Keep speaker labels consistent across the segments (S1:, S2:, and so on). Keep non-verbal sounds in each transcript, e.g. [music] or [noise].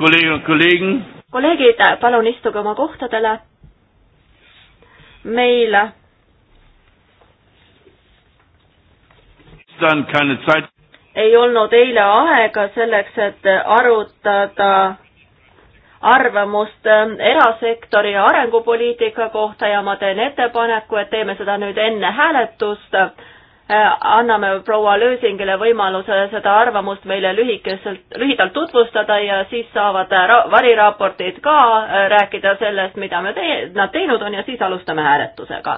S1: kolleegid, palun istuge oma kohtadele. meil ei olnud eile aega selleks, et arutada arvamust erasektori arengupoliitika kohta ja ma teen ettepaneku, et teeme seda nüüd enne hääletust Äh, anname proua Lösingile võimaluse seda arvamust meile lühikeselt, lühidalt tutvustada ja siis saavad äh, variraportid ka äh, rääkida sellest, mida me tee-, nad teinud on ja siis alustame hääletusega.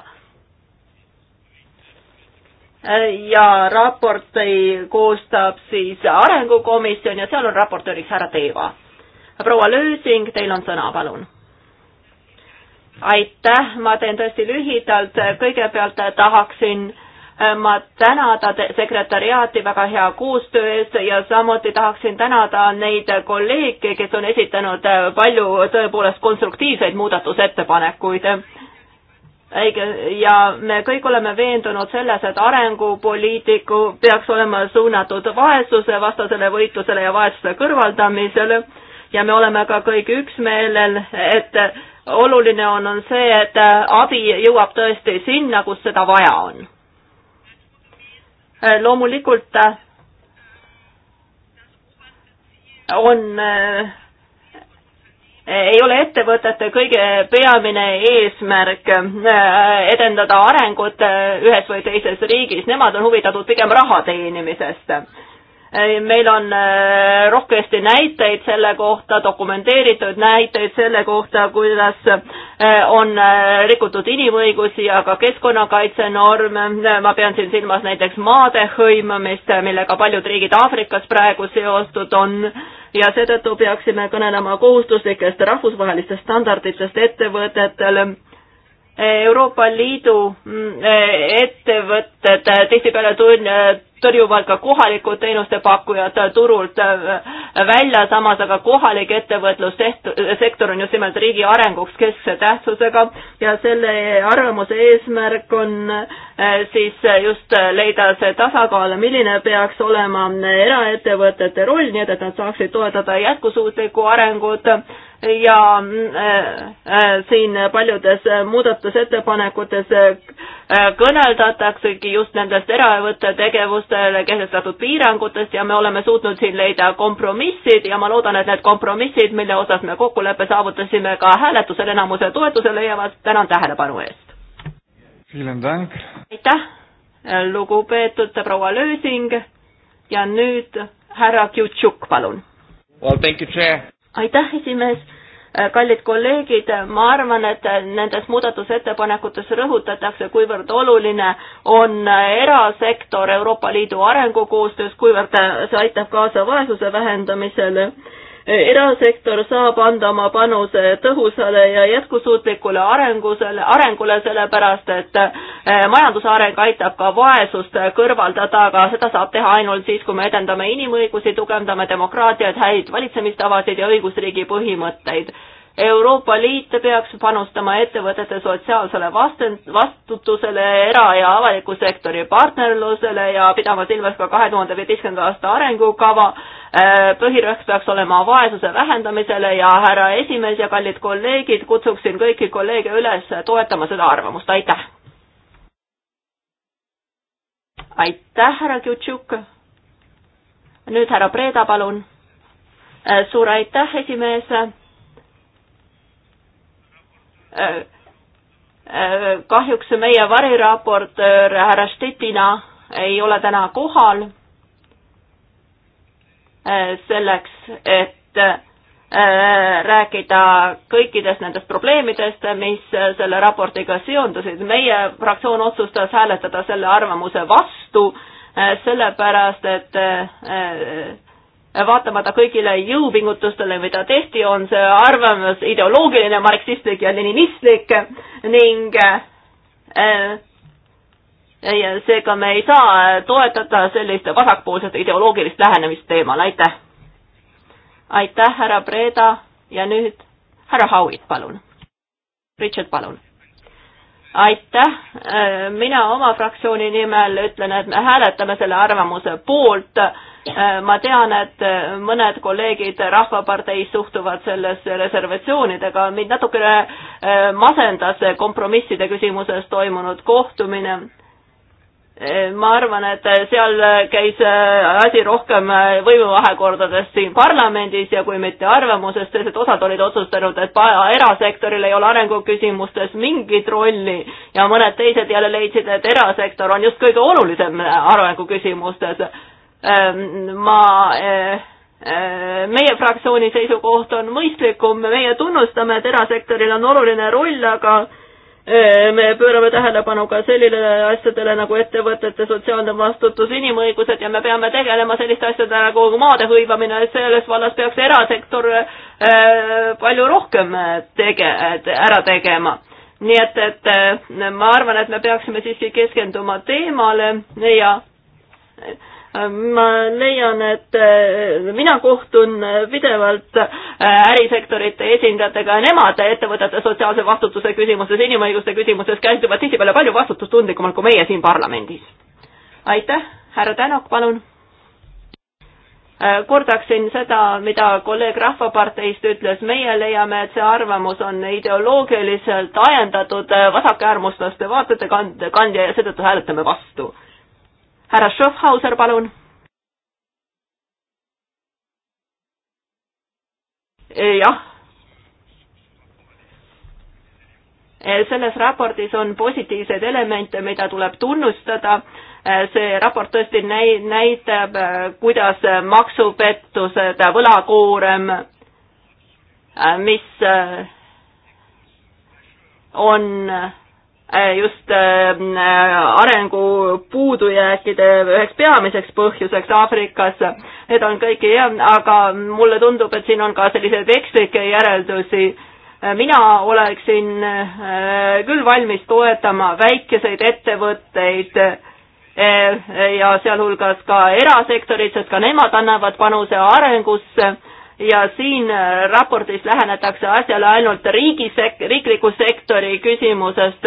S1: ja raporti koostab siis Arengukomisjon ja seal on raportööriks härra Teeva. proua Lösing, teil on sõna, palun aitäh, ma teen tõesti lühidalt, kõigepealt tahaksin äh, ma tänada sekretäriaati väga hea koostöö eest ja samuti tahaksin tänada neid kolleege, kes on esitanud äh, palju tõepoolest konstruktiivseid muudatusettepanekuid. ja me kõik oleme veendunud selles, et arengupoliitiku peaks olema suunatud vaesuse vastasele võitlusele ja vaesuse kõrvaldamisele ja me oleme ka kõik üksmeelel, et oluline on, on see, et abi jõuab tõesti sinna, kus seda vaja on Äh, loomulikult äh, on äh, ei ole ettevõtete kõige peamine eesmärk edendada arengut ühes või teises riigis, nemad on huvitatud pigem raha teenimisest meil on äh, rohkesti näiteid selle kohta, dokumenteeritud näiteid selle kohta, kuidas äh, on äh, rikutud inimõigusi ja ka keskkonnakaitsenorme. ma pean siin silmas näiteks maade hõimamist, millega paljud riigid Aafrikas praegu seostud on ja seetõttu peaksime kõnelema kohustuslikest rahvusvahelistest standarditest ettevõtetele Euroopa Liidu mm, ettevõtted tihtipeale tõrjuvad ka kohalikud teenustepakkujad turult äh, välja, samas aga kohalik ettevõtlussektor on just nimelt riigi arenguks keskse tähtsusega ja selle arvamuse eesmärk on äh, siis just leida see tasakaal, milline peaks olema eraettevõtete roll, nii et, et nad saaksid toetada jätkusuutlikku arengut ja äh, äh, siin paljudes muudatusettepanekutes äh, kõneldataksegi just nendest eraevõtte tegevustele kehtestatud piirangutest ja me oleme suutnud siin leida kompromissid ja ma loodan, et need kompromissid, mille osas me kokkuleppe saavutasime, ka hääletusel enamuse toetuse leiavad. tänan tähelepanu eest. aitäh, lugupeetud proua Lösing ja nüüd härra Kjutšuk, palun. Well, thank you, Chair aitäh, esimees äh, kallid kolleegid, ma arvan, et äh, nendes muudatusettepanekutes rõhutatakse, kuivõrd oluline on äh, erasektor Euroopa Liidu arengukoostöös, kuivõrd see aitab kaasa vaesuse vähendamisele erasektor saab anda oma panuse tõhusale ja jätkusuutlikule arengusele, arengule, sellepärast et eh, majanduse areng aitab ka vaesust kõrvaldada, aga seda saab teha ainult siis, kui me edendame inimõigusi, tugevdame demokraatiat, häid valitsemistavasid ja õigusriigi põhimõtteid Euroopa Liit peaks panustama ettevõtete sotsiaalsele vastutusele, era- ja avaliku sektori partnerlusele ja pidama silmas ka kahe tuhande viieteistkümnenda aasta arengukava. Äh, põhirõhk peaks olema vaesuse vähendamisele ja härra esimees ja kallid kolleegid, kutsuksin kõiki kolleege üles toetama seda arvamust, aitäh! aitäh, härra Kjutšuk! nüüd härra Preeda, palun! Äh, suur aitäh, esimees! kahjuks meie variraportöör härra Stettina ei ole täna kohal äh, selleks, et äh, rääkida kõikidest nendest probleemidest, mis selle raportiga seondusid. meie fraktsioon otsustas hääletada selle arvamuse vastu, äh, sellepärast et vaatamata kõigile jõupingutustele, mida tehti, on see arvamus ideoloogiline, marksistlik ja leninistlik ning äh, ja seega me ei saa toetada sellist vasakpoolset ideoloogilist lähenemist teemal, aitäh. aitäh, härra Breda ja nüüd härra Howitt, palun. Richard, palun. aitäh, äh, mina oma fraktsiooni nimel ütlen, et me hääletame selle arvamuse poolt Äh, ma tean, et äh, mõned kolleegid Rahvaparteis suhtuvad sellesse reservatsioonidega, mind natukene äh, masendas kompromisside küsimuses toimunud kohtumine. ma arvan, et seal käis asi rohkem võimuvahekordadest siin parlamendis ja kui mitte arvamusest, sest et osad olid otsustanud, et erasektoril ei ole arenguküsimustes mingit rolli ja mõned teised jälle leidsid, et erasektor on just kõige olulisem arenguküsimustes Ähm, ma äh, äh, meie fraktsiooni seisukoht on mõistlikum, meie tunnustame, et erasektoril on oluline roll, aga äh, me pöörame tähelepanu ka sellele asjadele nagu ettevõtete sotsiaalne vastutus, inimõigused ja me peame tegelema selliste asjadega nagu maade hõivamine, et selles vallas peaks erasektor palju rohkem tege-, ära tegema. nii et, et ma arvan, et me peaksime siiski keskenduma teemale ja ma leian, et äh, mina kohtun pidevalt äh, ärisektorite esindajatega ja nemad ettevõtete sotsiaalse vastutuse küsimuses, inimõiguste küsimuses käituvad tihtipeale palju vastutustundlikumalt kui meie siin parlamendis. aitäh, härra Tänak, palun. Äh, kordaksin seda, mida kolleeg Rahvaparteist ütles, meie leiame, et see arvamus on ideoloogiliselt ajendatud vasakäärmuslaste vaatete kand-, kandja ja seetõttu hääletame vastu härra Schaffhauser, palun. Eh, jah. Eh, selles raportis on positiivseid elemente, mida tuleb tunnustada. Eh, see raport tõesti näi-, näitab, kuidas maksupettused, võlakoorem, mis on Äh, just ähm, äh, arengu puudujääkide üheks peamiseks põhjuseks Aafrikas. Need on kõik jah, aga mulle tundub, et siin on ka selliseid ekslikke järeldusi. Äh, mina oleksin küll valmis toetama väikeseid ettevõtteid ja sealhulgas ka erasektorit, sest ka nemad annavad panuse arengusse ja siin äh, raportis lähenetakse asjale ainult riigi sek-, riikliku sektori küsimusest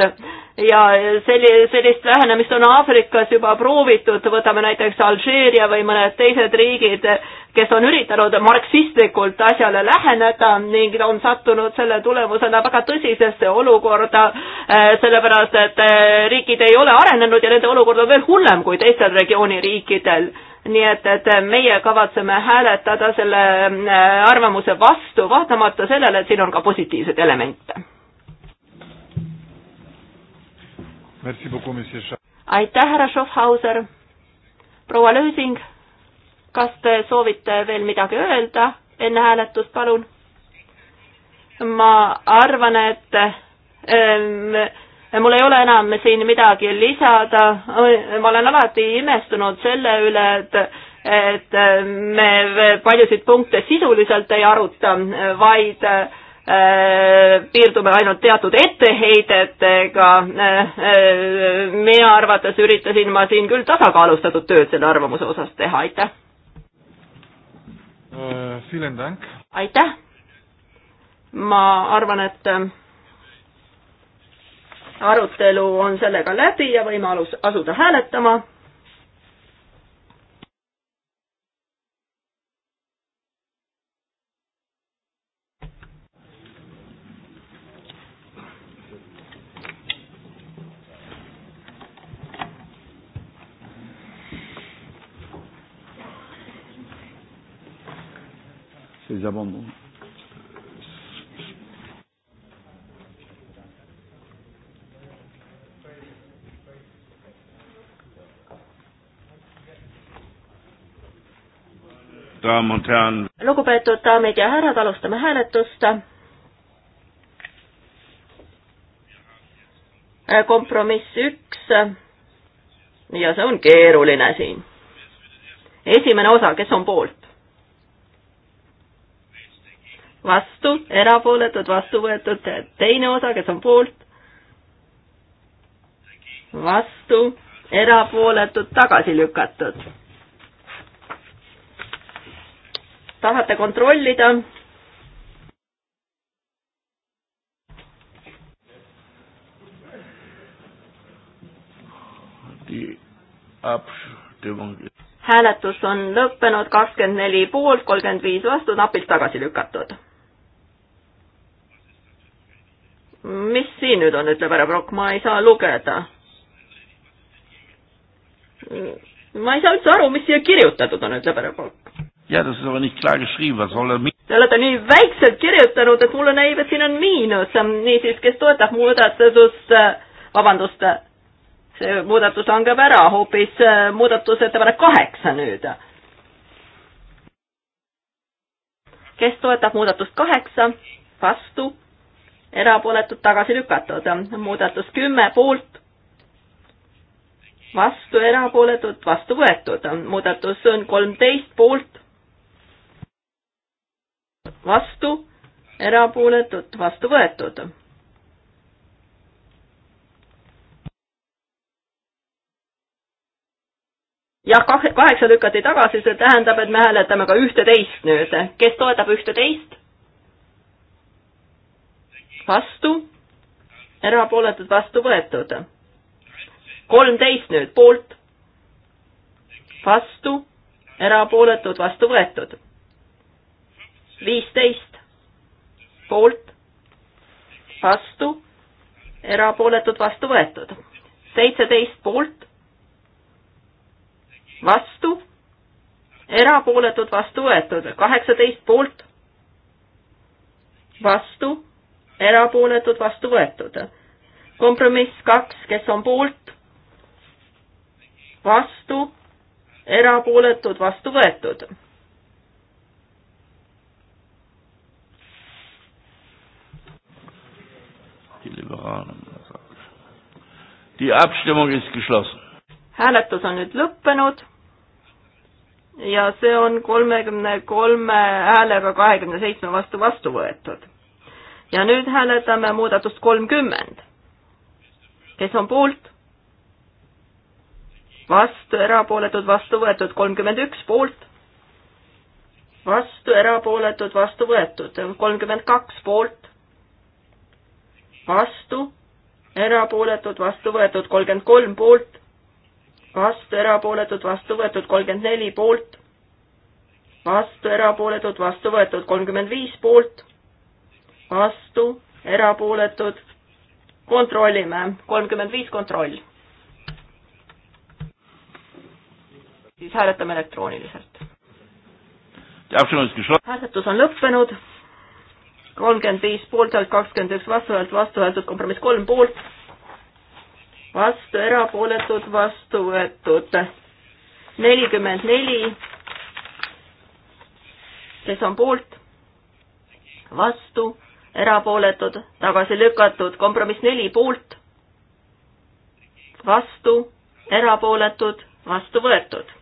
S1: ja selli-, sellist lähenemist on Aafrikas juba proovitud, võtame näiteks Alžeeria või mõned teised riigid, kes on üritanud marksistlikult asjale läheneda ning on sattunud selle tulemusena väga tõsisesse olukorda, äh, sellepärast et äh, riigid ei ole arenenud ja nende olukord on veel hullem kui teistel regiooni riikidel nii et, et meie kavatseme hääletada selle äh, arvamuse vastu, vaatamata sellele, et siin on ka positiivseid elemente. aitäh, härra Schaffhauser. proua Lösing, kas te soovite veel midagi öelda enne hääletust, palun? ma arvan, et ähm, mul ei ole enam siin midagi lisada, ma olen alati imestunud selle üle, et et me paljusid punkte sisuliselt ei aruta, vaid äh, piirdume ainult teatud etteheidetega. Äh, äh, minu arvates üritasin ma siin küll tasakaalustatud tööd selle arvamuse osas teha, aitäh
S2: uh,.
S1: aitäh. ma arvan, et arutelu on sellega läbi ja võime alus, asuda hääletama.
S2: Ces amendements.
S1: lugupeetud daamid ja härrad, alustame hääletust. kompromiss üks. ja see on keeruline siin. esimene osa, kes on poolt? vastu, erapooletud, vastu võetud, teine osa, kes on poolt? vastu, erapooletud, tagasi lükatud tahate kontrollida? hääletus on lõppenud, kakskümmend neli poolt, kolmkümmend viis vastu, napilt tagasi lükatud. mis siin nüüd on, ütleb härra Prokk, ma ei saa lugeda. ma ei saa üldse aru, mis siia kirjutatud on, ütleb härra Prokk
S2: ja das ist aber nicht klar geschrieben, was soll er mi-?
S1: Te olete nii väikselt kirjutanud, et mulle näib, et siin on miinus, niisiis, kes toetab muudatust, vabandust, see muudatus langeb ära, hoopis äh, muudatusettepanek kaheksa nüüd. kes toetab muudatust kaheksa, vastu, erapooletud, tagasi lükatud, muudatus kümme poolt, vastu, erapooletud, vastu võetud, muudatus on kolmteist poolt vastu, erapooletud, vastu võetud. jah, kaheksa lükati tagasi, see tähendab, et me hääletame ka ühteteist nüüd. kes toetab ühteteist? vastu, erapooletud, vastu võetud. kolmteist nüüd poolt, vastu, erapooletud, vastu võetud viisteist poolt, vastu, erapooletud, vastu võetud. seitseteist poolt, vastu, erapooletud, vastu võetud. kaheksateist poolt, vastu, erapooletud, vastu võetud. kompromiss kaks, kes on poolt, vastu, erapooletud, vastu võetud
S3: Die Abstimmung ist geschlossen.
S1: hääletus on nüüd lõppenud ja see on kolmekümne kolme häälega kahekümne seitsme vastu vastu võetud. ja nüüd hääletame muudatust kolmkümmend. kes on poolt? vastu, erapooletud, vastu võetud, kolmkümmend üks poolt. vastu, erapooletud, vastu võetud, kolmkümmend kaks poolt vastu, erapooletud, vastu võetud kolmkümmend kolm poolt, vastu erapooletud, vastu võetud kolmkümmend neli poolt, vastu erapooletud, vastu võetud kolmkümmend viis poolt, vastu erapooletud, kontrollime, kolmkümmend viis kontroll. siis hääletame elektrooniliselt. hääletus on lõppenud kolmkümmend viis poolt häält, kakskümmend üks vastuhäält, vastu võetud kompromiss kolm poolt, vastu erapooletud, vastu võetud nelikümmend neli, kes on poolt, vastu, erapooletud, tagasi lükatud, kompromiss neli poolt, vastu, erapooletud, vastu võetud.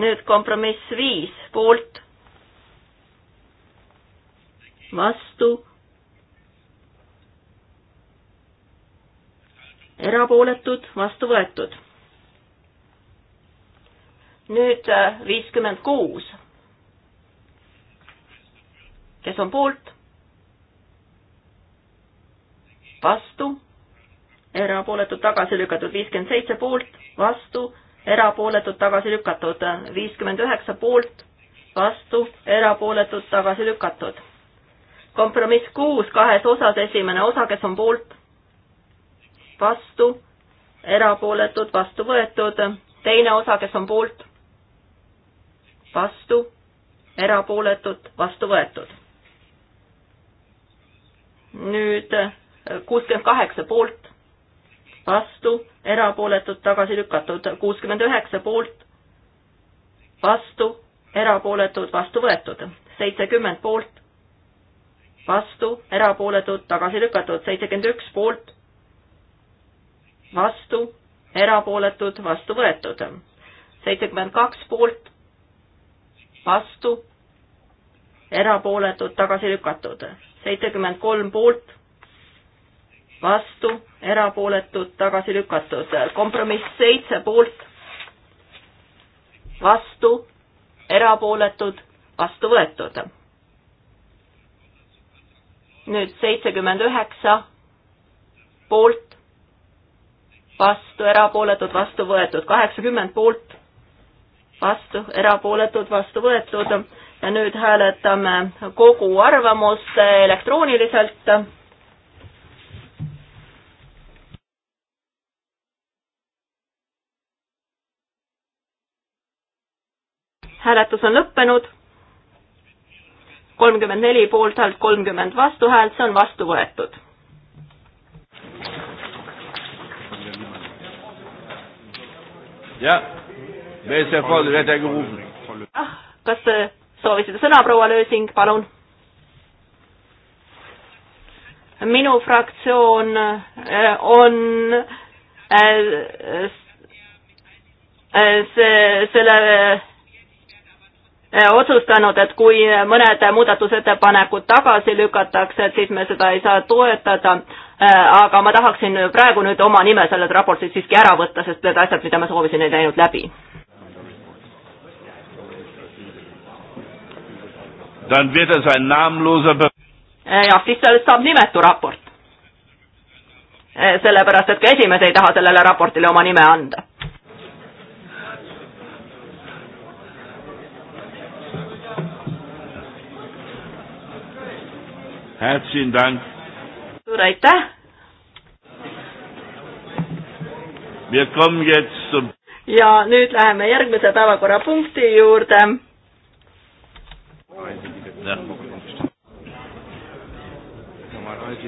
S1: nüüd kompromiss viis poolt, vastu, erapooletud, vastu võetud. nüüd äh, viiskümmend kuus. kes on poolt? vastu, erapooletud, tagasi lükatud, viiskümmend seitse poolt, vastu, erapooletud, tagasi lükatud, viiskümmend üheksa poolt, vastu, erapooletud, tagasi lükatud kompromiss kuus kahes osas, esimene osa, kes on poolt, vastu, erapooletud, vastu võetud, teine osa, kes on poolt, vastu, erapooletud, vastu võetud. nüüd kuuskümmend kaheksa poolt, vastu, erapooletud, tagasi lükatud, kuuskümmend üheksa poolt, vastu, erapooletud, vastu võetud, seitsekümmend poolt, vastu, erapooletud, tagasi lükatud, seitsekümmend üks poolt, vastu, erapooletud, vastu võetud, seitsekümmend kaks poolt, vastu, erapooletud, tagasi lükatud, seitsekümmend kolm poolt, vastu, erapooletud, tagasi lükatud, kompromiss seitse poolt, vastu, erapooletud, vastu võetud nüüd seitsekümmend üheksa poolt, vastu, erapooletud, vastu võetud, kaheksakümmend poolt, vastu, erapooletud, vastu võetud ja nüüd hääletame kogu arvamust elektrooniliselt. hääletus on lõppenud kolmkümmend neli poolthäält, kolmkümmend vastuhäält, see on vastu võetud. jah, kas soovisite sõna, proua Lösing, palun? minu fraktsioon eh, on eh, eh, see, selle Eh, otsustanud, et kui mõned muudatusettepanekud tagasi lükatakse, et siis me seda ei saa toetada. Eh, aga ma tahaksin praegu nüüd oma nime sellelt raportilt siiski ära võtta, sest need asjad, mida ma soovisin, ei läinud läbi. Eh, jah, siis sellest saab nimetu raport. sellepärast, et ka esimees ei taha sellele raportile oma nime anda
S3: Herzlichen Dank.
S1: suur aitäh. ja nüüd läheme järgmise päevakorrapunkti juurde.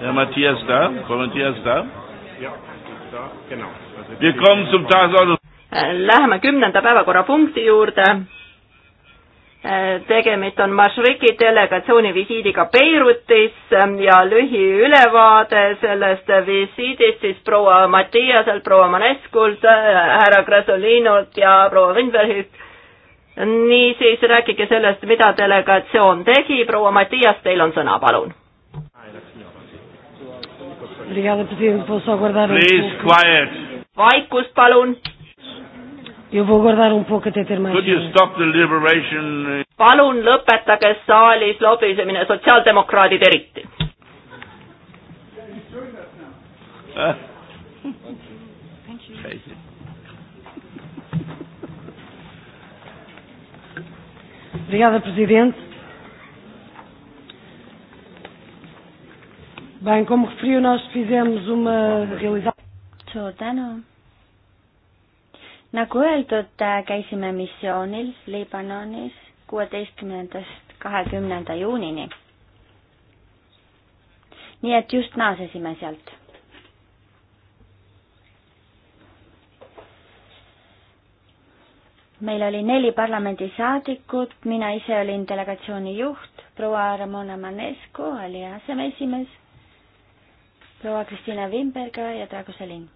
S2: Herr Matthias da?
S1: Frau Matthias da?
S2: Ja, da, genau. Wir kommen zum Tagesordnung.
S1: Äh, läheme kümnenda päevakorrapunkti juurde tegemist on Mašriki delegatsiooni visiidiga Beirutis ähm, ja lühiülevaade sellest visiidist siis proua Mattiaselt, proua Maneskult, äh, härra Krasolinult ja proua Windbergilt. niisiis rääkige sellest, mida delegatsioon tegi, proua Mattias, teil on sõna, palun. vaikust palun
S2: Eu vou guardar um pouco até ter mais. Could you
S1: stop the liberation? palun lõpetage saalis lobisemine, sotsiaaldemokraadid eriti.
S2: Obrigada, Presidente. Bem, como referiu, nós fizemos uma realização. Suur tänu
S3: nagu öeldud, äh, käisime missioonil Liibanonis kuueteistkümnendast kahekümnenda juunini. nii et just naasesime sealt meil oli neli parlamendisaadikut, mina ise olin delegatsiooni juht, proua Ramona Manescu oli aseesimees, proua Kristina Wimberga ja Drago Selin.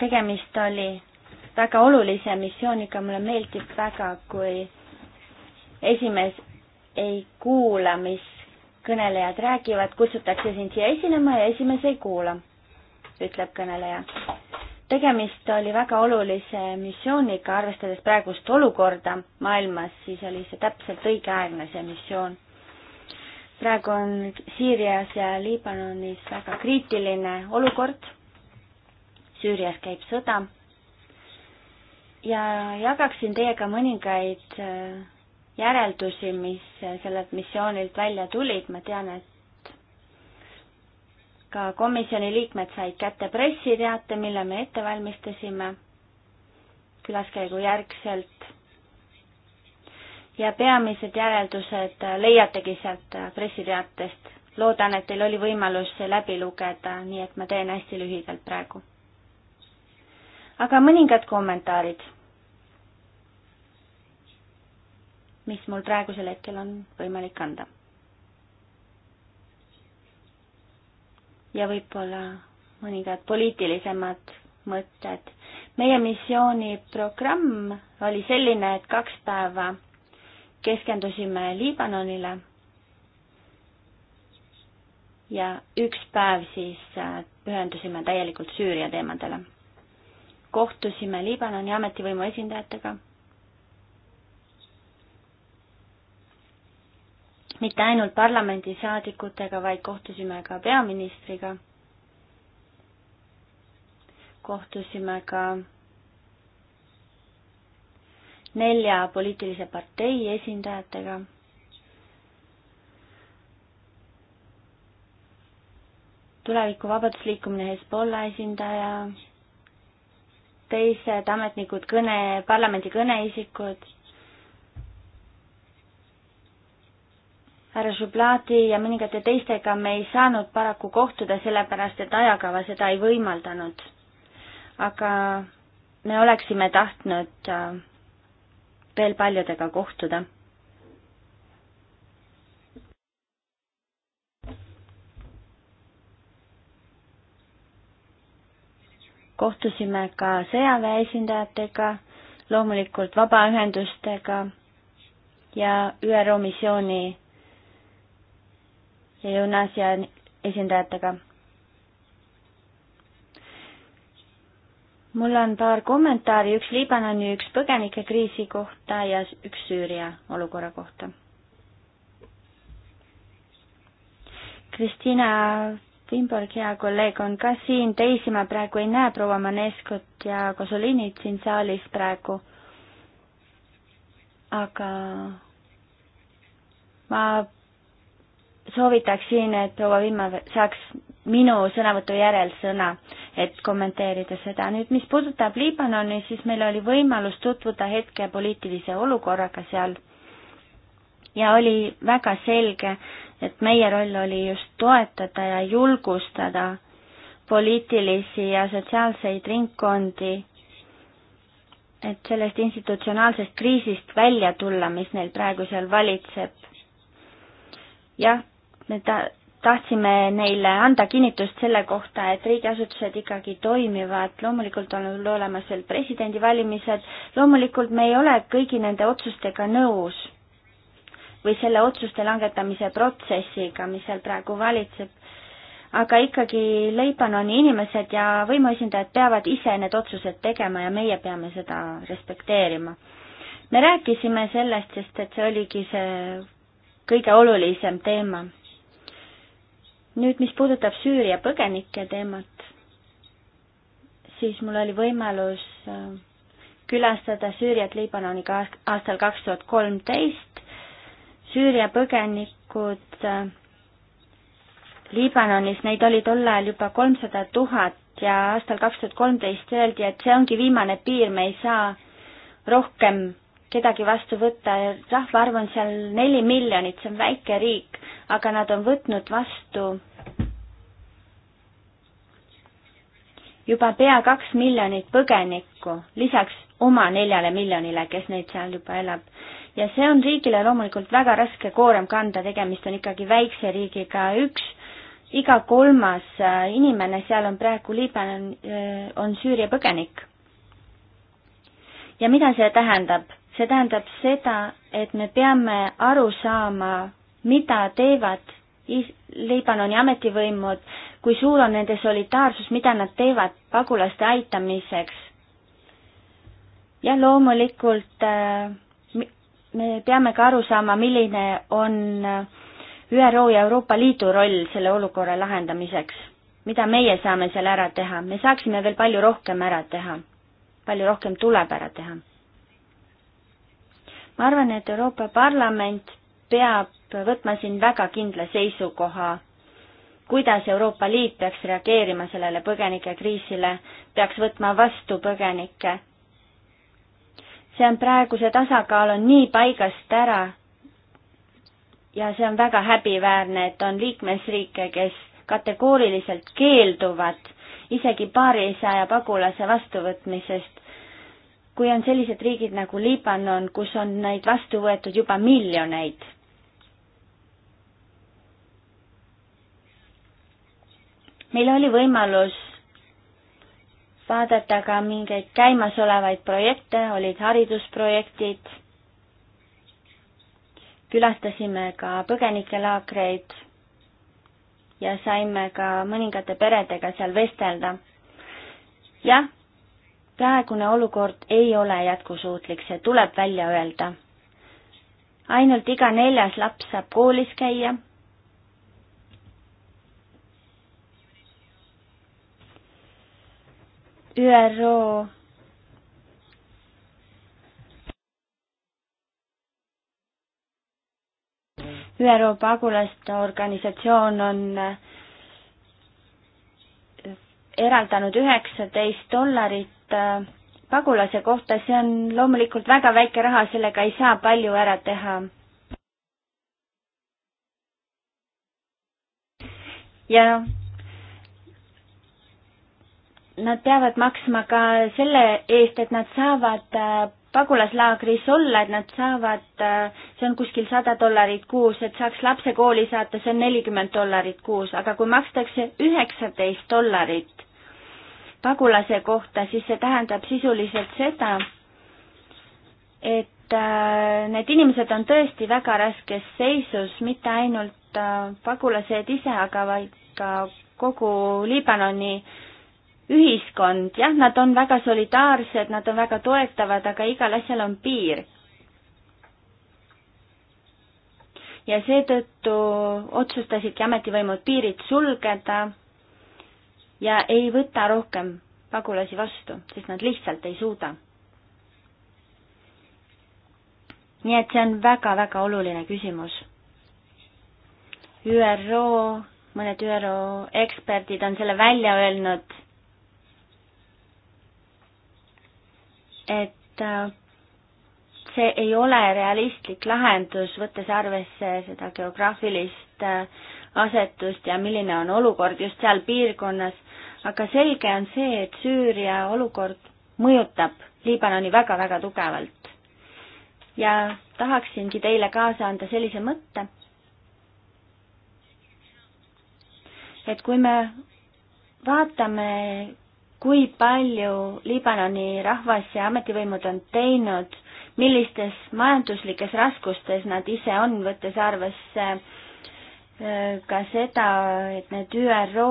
S3: tegemist oli väga olulise missiooniga, mulle meeldib väga, kui esimees ei kuula, mis kõnelejad räägivad, kutsutakse sind siia esinema ja esimees ei kuula, ütleb kõneleja. tegemist oli väga olulise missiooniga, arvestades praegust olukorda maailmas, siis oli see täpselt õigeaegne, see missioon. praegu on Siirias ja Liibanonis väga kriitiline olukord Süürias käib sõda ja jagaksin teiega mõningaid äh, järeldusi, mis äh, sellelt missioonilt välja tulid, ma tean, et ka komisjoni liikmed said kätte pressiteate, mille me ette valmistasime külaskäigu järgselt. ja peamised järeldused äh, leiategi sealt pressiteatest. loodan, et teil oli võimalus see läbi lugeda, nii et ma teen hästi lühidalt praegu aga mõningad kommentaarid, mis mul praegusel hetkel on võimalik anda. ja võib-olla mõningad poliitilisemad mõtted. meie missiooniprogramm oli selline, et kaks päeva keskendusime Liibanonile ja üks päev siis äh, pühendusime täielikult Süüria teemadele kohtusime Liibanoni ametivõimu esindajatega. mitte ainult parlamendisaadikutega, vaid kohtusime ka peaministriga. kohtusime ka nelja poliitilise partei esindajatega tuleviku vabadusliikumine Hezbollah esindaja, teised ametnikud, kõne, parlamendi kõneisikud, härra Šublati ja mõningate teistega me ei saanud paraku kohtuda, sellepärast et ajakava seda ei võimaldanud. aga me oleksime tahtnud äh, veel paljudega kohtuda kohtusime ka sõjaväe esindajatega, loomulikult vabaühendustega ja ÜRO missiooni ja Jonasia esindajatega. mul on paar kommentaari, üks Liibanoni, üks põgenikekriisi kohta ja üks Süüria olukorra kohta. Kristina Timborg, hea kolleeg, on ka siin, teisi ma praegu ei näe, proua Maneskot ja Kosolinit siin saalis praegu. aga ma soovitaksin, et proua Vimma saaks minu sõnavõtu järel sõna, et kommenteerida seda. nüüd, mis puudutab Liibanoni, siis meil oli võimalus tutvuda hetke poliitilise olukorraga seal ja oli väga selge, et meie roll oli just toetada ja julgustada poliitilisi ja sotsiaalseid ringkondi, et sellest institutsionaalsest kriisist välja tulla, mis neil praegu seal valitseb. jah, me ta-, tahtsime neile anda kinnitust selle kohta, et riigiasutused ikkagi toimivad, loomulikult on olemas veel presidendivalimised, loomulikult me ei ole kõigi nende otsustega nõus või selle otsuste langetamise protsessiga, mis seal praegu valitseb. aga ikkagi Leibanoni inimesed ja võimuesindajad peavad ise need otsused tegema ja meie peame seda respekteerima. me rääkisime sellest, sest et see oligi see kõige olulisem teema. nüüd, mis puudutab Süüria põgenike teemat, siis mul oli võimalus äh, külastada Süüriat Liibanoniga aastal kaks tuhat kolmteist Süüria põgenikud äh, Liibanonis, neid oli tol ajal juba kolmsada tuhat ja aastal kaks tuhat kolmteist öeldi, et see ongi viimane piir, me ei saa rohkem kedagi vastu võtta ja rahvaarv on seal neli miljonit, see on väike riik, aga nad on võtnud vastu juba pea kaks miljonit põgenikku, lisaks oma neljale miljonile, kes neid seal juba elab ja see on riigile loomulikult väga raske koorem kanda, tegemist on ikkagi väikse riigiga, üks iga kolmas äh, inimene seal on praegu Liibanon, äh, on Süüria põgenik. ja mida see tähendab? see tähendab seda, et me peame aru saama, mida teevad Liibanoni ametivõimud, kui suur on nende solidaarsus, mida nad teevad pagulaste aitamiseks. ja loomulikult äh, me peame ka aru saama, milline on ÜRO ja Euroopa Liidu roll selle olukorra lahendamiseks. mida meie saame seal ära teha, me saaksime veel palju rohkem ära teha. palju rohkem tuleb ära teha. ma arvan, et Euroopa Parlament peab võtma siin väga kindla seisukoha, kuidas Euroopa Liit peaks reageerima sellele põgenikekriisile, peaks võtma vastu põgenikke see on praegu, see tasakaal on nii paigast ära. ja see on väga häbiväärne, et on liikmesriike, kes kategooriliselt keelduvad isegi paarisaja pagulase vastuvõtmisest. kui on sellised riigid nagu Liibanon, kus on neid vastu võetud juba miljoneid. meil oli võimalus vaadata ka mingeid käimasolevaid projekte, olid haridusprojektid, külastasime ka põgenikelaagreid ja saime ka mõningate peredega seal vestelda. jah, praegune olukord ei ole jätkusuutlik, see tuleb välja öelda. ainult iga neljas laps saab koolis käia ÜRO ÜRO pagulaste organisatsioon on äh, eraldanud üheksateist dollarit äh, pagulase kohta, see on loomulikult väga väike raha, sellega ei saa palju ära teha. ja noh, nad peavad maksma ka selle eest, et nad saavad äh, pagulaslaagris olla, et nad saavad, äh, see on kuskil sada dollarit kuus, et saaks lapse kooli saata, see on nelikümmend dollarit kuus, aga kui makstakse üheksateist dollarit pagulase kohta, siis see tähendab sisuliselt seda, et äh, need inimesed on tõesti väga raskes seisus, mitte ainult pagulased ise, aga vaid ka kogu Liibanoni äh, ühiskond, jah, nad on väga solidaarsed, nad on väga toetavad, aga igal asjal on piir. ja seetõttu otsustasidki ametivõimud piirid sulgeda ja ei võta rohkem pagulasi vastu, sest nad lihtsalt ei suuda. nii et see on väga-väga oluline küsimus. ÜRO, mõned ÜRO eksperdid on selle välja öelnud et äh, see ei ole realistlik lahendus, võttes arvesse seda geograafilist äh, asetust ja milline on olukord just seal piirkonnas, aga selge on see, et Süüria olukord mõjutab Liibanoni väga-väga tugevalt. ja tahaksingi teile kaasa anda sellise mõtte, et kui me vaatame kui palju Liibanoni rahvas ja ametivõimud on teinud, millistes majanduslikes raskustes nad ise on, võttes arvesse äh, ka seda, et need ÜRO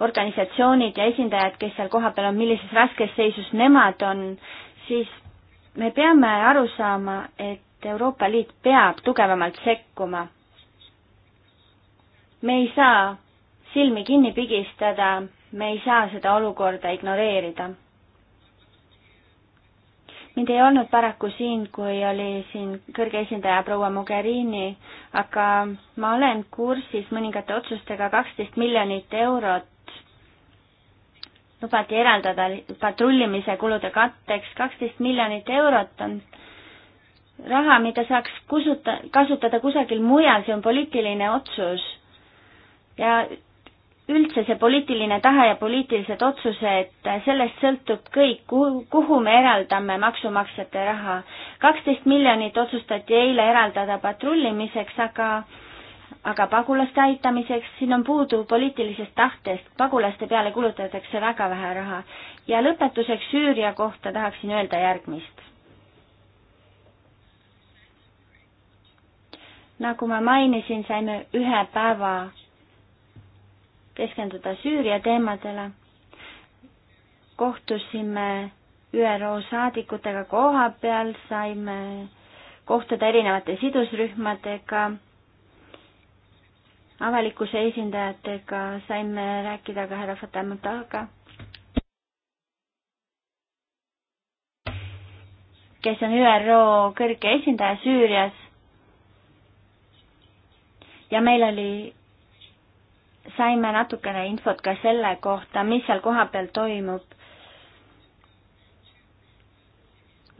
S3: organisatsioonid ja esindajad, kes seal kohapeal on, millises raskes seisus nemad on, siis me peame aru saama, et Euroopa Liit peab tugevamalt sekkuma. me ei saa silmi kinni pigistada me ei saa seda olukorda ignoreerida. mind ei olnud paraku siin, kui oli siin kõrge esindaja proua Mogherini, aga ma olen kursis mõningate otsustega kaksteist miljonit eurot lubati eraldada patrullimise kulude katteks kaksteist miljonit eurot on raha, mida saaks kusuta, kasutada kusagil mujal, see on poliitiline otsus. ja üldse see poliitiline tahe ja poliitilised otsused, sellest sõltub kõik, kuhu, kuhu me eraldame maksumaksjate raha. kaksteist miljonit otsustati eile eraldada patrullimiseks, aga aga pagulaste aitamiseks, siin on puudu poliitilisest tahtest, pagulaste peale kulutatakse väga vähe raha. ja lõpetuseks Süüria kohta tahaksin öelda järgmist. nagu ma mainisin, saime ühe päeva keskenduda Süüria teemadele. kohtusime ÜRO saadikutega koha peal, saime kohtuda erinevate sidusrühmadega, avalikkuse esindajatega, saime rääkida ka härra Fatamataga, kes on ÜRO kõrge esindaja Süürias. ja meil oli saime natukene infot ka selle kohta, mis seal kohapeal toimub.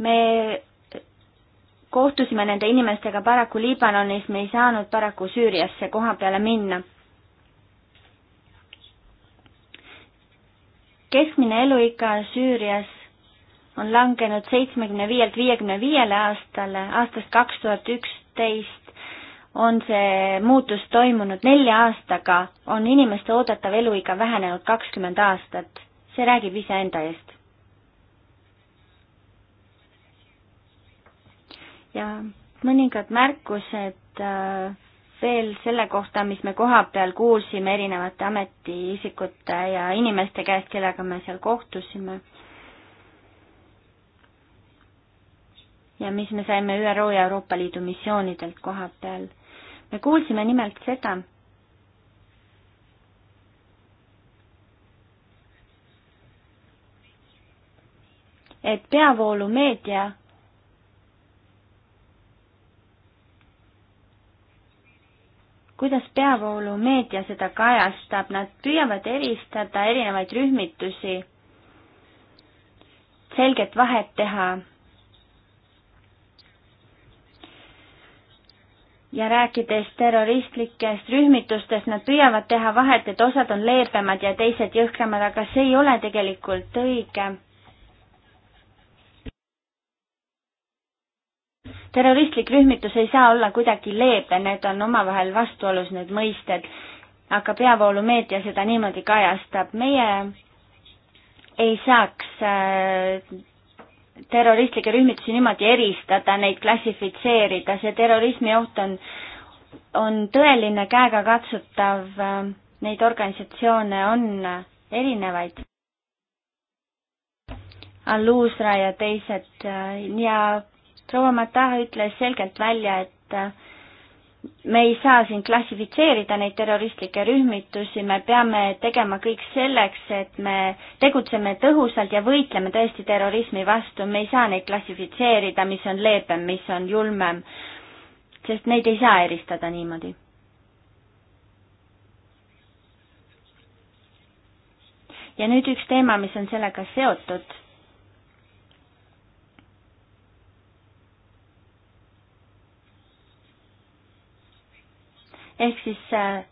S3: me kohtusime nende inimestega paraku Liibanonis, me ei saanud paraku Süüriasse koha peale minna. keskmine eluiga Süürias on langenud seitsmekümne viielt viiekümne viiele aastale aastast kaks tuhat üksteist on see muutus toimunud nelja aastaga, on inimeste oodatav eluiga vähenenud kakskümmend aastat. see räägib iseenda eest. ja mõningad märkused äh, veel selle kohta, mis me kohapeal kuulsime erinevate ametiisikute ja inimeste käest, kellega me seal kohtusime. ja mis me saime ÜRO ja Euroopa Liidu missioonidelt koha peal me kuulsime nimelt seda, et peavoolumeedia kuidas peavoolumeedia seda kajastab, nad püüavad eristada erinevaid rühmitusi, selget vahet teha ja rääkides terroristlikest rühmitustest, nad püüavad teha vahet, et osad on leebemad ja teised jõhkramad, aga see ei ole tegelikult õige. terroristlik rühmitus ei saa olla kuidagi leebe, need on omavahel vastuolus, need mõisted, aga peavoolumeedia seda niimoodi kajastab. meie ei saaks äh, terroristlikke rühmitusi niimoodi eristada, neid klassifitseerida, see terrorismioht on, on tõeline käegakatsutav, äh, neid organisatsioone on äh, erinevaid. Al-Usra ja teised äh, ja proua Matah ütles selgelt välja, et me ei saa siin klassifitseerida neid terroristlikke rühmitusi, me peame tegema kõik selleks, et me tegutseme tõhusalt ja võitleme tõesti terrorismi vastu, me ei saa neid klassifitseerida, mis on leebem, mis on julmem, sest neid ei saa eristada niimoodi. ja nüüd üks teema, mis on sellega seotud ehk siis äh,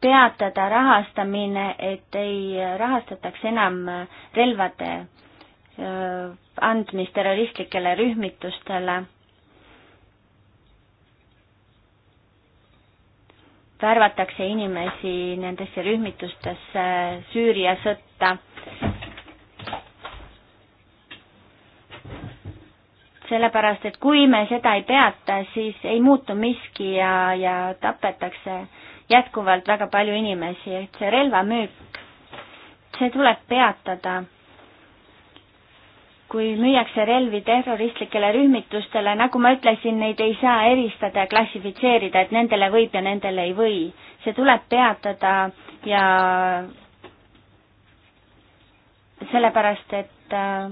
S3: peatada rahastamine, et ei rahastataks enam äh, relvade äh, andmist terroristlikele rühmitustele. värvatakse inimesi nendesse rühmitustesse Süüria sõtta sellepärast et kui me seda ei peata, siis ei muutu miski ja, ja tapetakse jätkuvalt väga palju inimesi, et see relvamüük, see tuleb peatada. kui müüakse relvi terroristlikele rühmitustele, nagu ma ütlesin, neid ei saa eristada ja klassifitseerida, et nendele võib ja nendele ei või. see tuleb peatada ja sellepärast, et äh,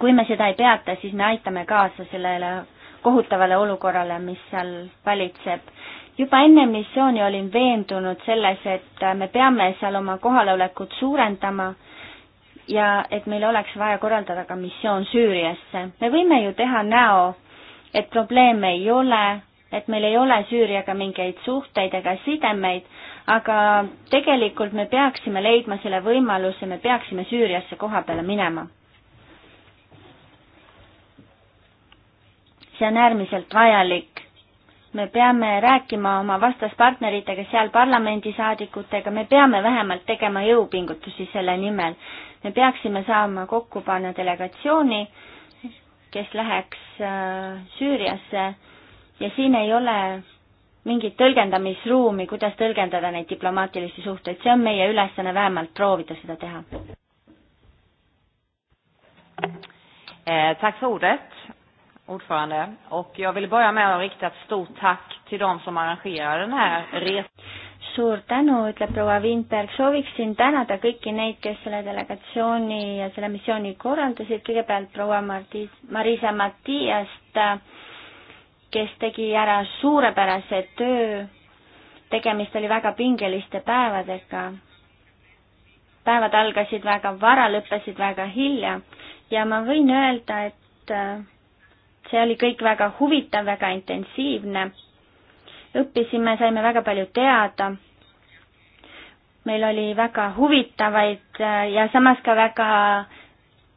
S3: kui me seda ei peata, siis me aitame kaasa sellele kohutavale olukorrale, mis seal valitseb. juba enne missiooni olin veendunud selles, et me peame seal oma kohalolekut suurendama ja et meil oleks vaja korraldada ka missioon Süüriasse. me võime ju teha näo, et probleeme ei ole, et meil ei ole Süüriaga mingeid suhteid ega sidemeid, aga tegelikult me peaksime leidma selle võimaluse, me peaksime Süüriasse koha peale minema see on äärmiselt vajalik. me peame rääkima oma vastaspartneritega, seal parlamendisaadikutega, me peame vähemalt tegema jõupingutusi selle nimel. me peaksime saama kokku panna delegatsiooni, kes läheks äh, Süüriasse ja siin ei ole mingit tõlgendamisruumi, kuidas tõlgendada neid diplomaatilisi suhteid, see on meie ülesanne vähemalt proovida seda teha
S2: eh,. Tack för ordet ordförande. Och jag vill börja med att rikta ett stort tack till de som arrangerar den här resan.
S3: suur tänu, ütleb proua Vinberg, sooviksin tänada kõiki neid, kes selle delegatsiooni ja selle missiooni korraldasid, kõigepealt proua Martis, Marisa Matiast, kes tegi ära suurepärase töö, tegemist oli väga pingeliste päevadega. päevad algasid väga vara, lõppesid väga hilja ja ma võin öelda, et äh, see oli kõik väga huvitav, väga intensiivne. õppisime, saime väga palju teada. meil oli väga huvitavaid äh, ja samas ka väga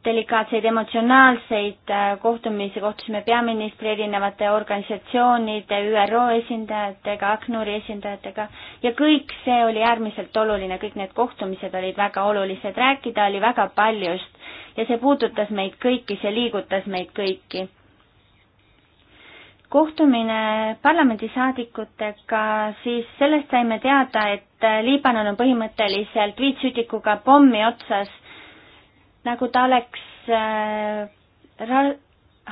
S3: delikaatseid emotsionaalseid äh, kohtumisi, kohtusime peaministri erinevate organisatsioonide, ÜRO esindajatega, ACNUR-i esindajatega ja kõik see oli äärmiselt oluline, kõik need kohtumised olid väga olulised, rääkida oli väga paljust ja see puudutas meid kõiki, see liigutas meid kõiki kohtumine parlamendisaadikutega, siis sellest saime teada, et äh, Liibanon on põhimõtteliselt viitsütikuga pommi otsas, nagu ta oleks äh, ra-,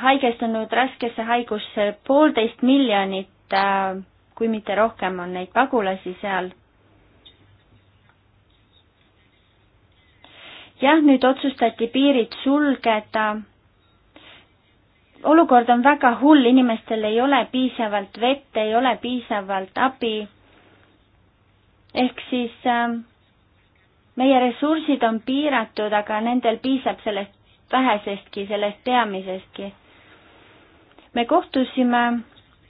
S3: haigestunud raskesse haigusse poolteist miljonit, äh, kui mitte rohkem, on neid pagulasi seal. jah, nüüd otsustati piirid sulgeda olukord on väga hull, inimestel ei ole piisavalt vett, ei ole piisavalt abi. ehk siis äh, meie ressursid on piiratud, aga nendel piisab sellest vähesestki, sellest peamisestki. me kohtusime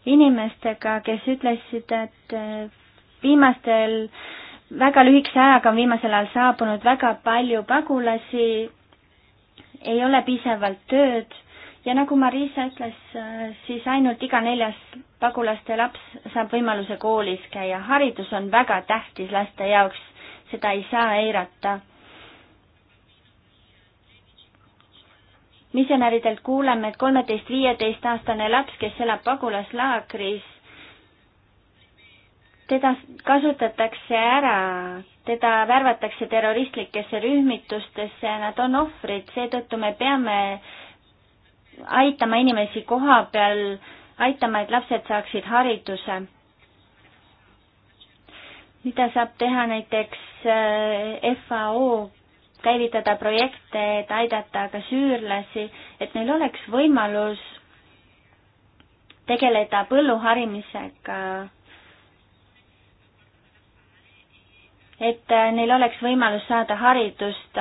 S3: inimestega, kes ütlesid, et äh, viimastel, väga lühikese ajaga on viimasel ajal saabunud väga palju pagulasi, ei ole piisavalt tööd ja nagu Marisa ütles, äh, siis ainult iga neljas pagulaste laps saab võimaluse koolis käia. haridus on väga tähtis laste jaoks, seda ei saa eirata. misjonäridelt kuuleme, et kolmeteist, viieteistaastane laps, kes elab pagulaslaagris, teda kasutatakse ära, teda värvatakse terroristlikesse rühmitustesse ja nad on ohvrid, seetõttu me peame aitama inimesi koha peal, aitama, et lapsed saaksid hariduse. mida saab teha näiteks äh, FAO, käivitada projekte, et aidata ka süürlasi, et neil oleks võimalus tegeleda põlluharimisega, et äh, neil oleks võimalus saada haridust.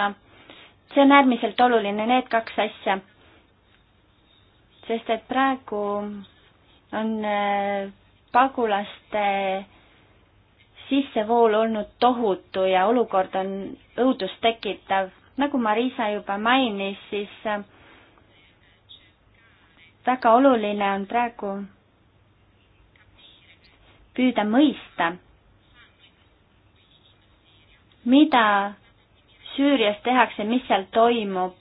S3: see on äärmiselt oluline, need kaks asja sest et praegu on äh, pagulaste sissevool olnud tohutu ja olukord on õudust tekitav. nagu Marisa juba mainis, siis äh, väga oluline on praegu püüda mõista, mida Süürias tehakse, mis seal toimub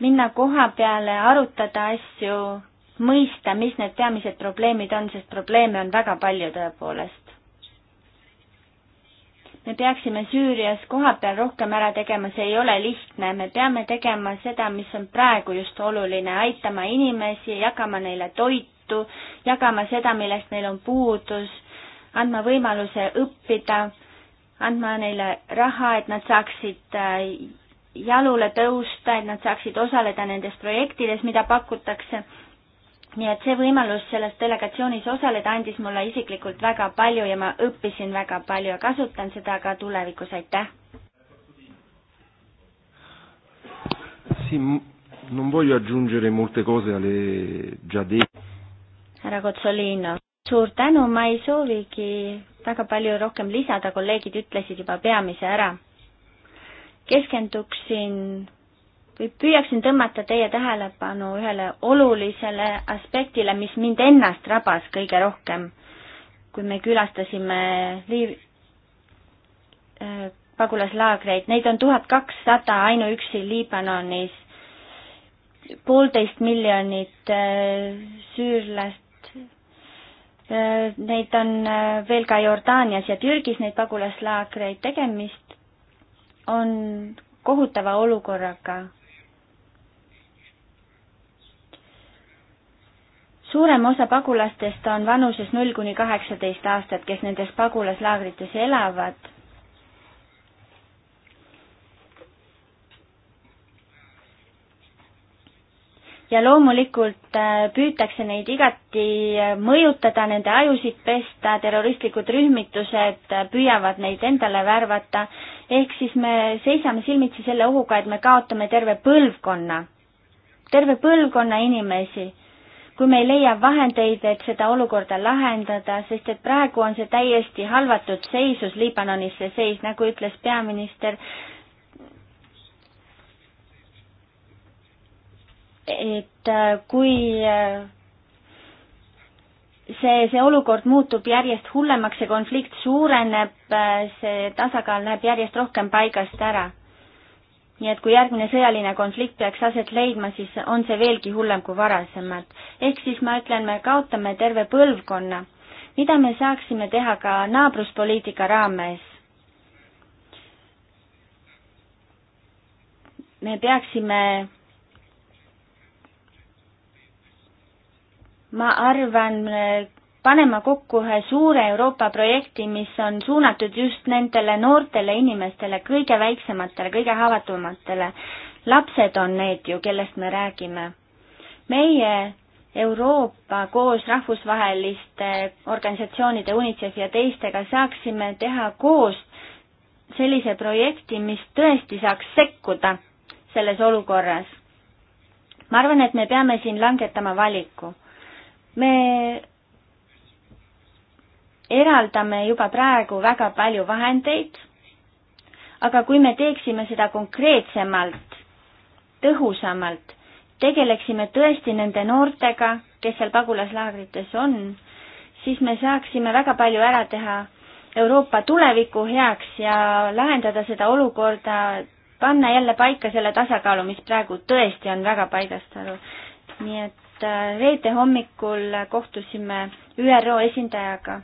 S3: minna koha peale, arutada asju, mõista, mis need peamised probleemid on, sest probleeme on väga palju tõepoolest. me peaksime Süürias koha peal rohkem ära tegema, see ei ole lihtne, me peame tegema seda, mis on praegu just oluline, aitama inimesi, jagama neile toitu, jagama seda, millest neil on puudus, andma võimaluse õppida, andma neile raha, et nad saaksid äh, jalule tõusta, et nad saaksid osaleda nendes projektides, mida pakutakse. nii et see võimalus selles delegatsioonis osaleda andis mulle isiklikult väga palju ja ma õppisin väga palju ja kasutan seda ka tulevikus, aitäh. härra Kotsolino, suur tänu, ma ei soovigi väga palju rohkem lisada, kolleegid ütlesid juba peamise ära keskenduksin või püüaksin tõmmata teie tähelepanu ühele olulisele aspektile, mis mind ennast rabas kõige rohkem, kui me külastasime liiv-, äh, pagulaslaagreid, neid on tuhat kakssada ainuüksi Liibanonis, poolteist miljonit äh, süürlast, äh, Neid on veel ka Jordaanias ja Türgis, neid pagulaslaagreid, tegemist on kohutava olukorraga. suurem osa pagulastest on vanuses null kuni kaheksateist aastat, kes nendes pagulaslaagrites elavad ja loomulikult äh, püütakse neid igati äh, mõjutada, nende ajusid pesta, terroristlikud rühmitused äh, püüavad neid endale värvata, ehk siis me seisame silmitsi selle ohuga, et me kaotame terve põlvkonna, terve põlvkonna inimesi, kui me ei leia vahendeid, et seda olukorda lahendada, sest et praegu on see täiesti halvatud seisus, Liibanonis see seis, nagu ütles peaminister, et äh, kui äh, see, see olukord muutub järjest hullemaks, see konflikt suureneb, äh, see tasakaal läheb järjest rohkem paigast ära. nii et kui järgmine sõjaline konflikt peaks aset leidma, siis on see veelgi hullem kui varasemalt. ehk siis ma ütlen, me kaotame terve põlvkonna. mida me saaksime teha ka naabruspoliitika raames? me peaksime ma arvan, panema kokku ühe suure Euroopa projekti, mis on suunatud just nendele noortele inimestele, kõige väiksematele, kõige haavatavamatele. lapsed on need ju, kellest me räägime. meie Euroopa koos rahvusvaheliste organisatsioonide UNICEF ja teistega saaksime teha koos sellise projekti, mis tõesti saaks sekkuda selles olukorras. ma arvan, et me peame siin langetama valiku me eraldame juba praegu väga palju vahendeid, aga kui me teeksime seda konkreetsemalt, tõhusamalt, tegeleksime tõesti nende noortega, kes seal pagulaslaagrites on, siis me saaksime väga palju ära teha Euroopa tuleviku heaks ja lahendada seda olukorda, panna jälle paika selle tasakaalu, mis praegu tõesti on väga paigast aru. nii et reede äh, hommikul kohtusime ÜRO esindajaga.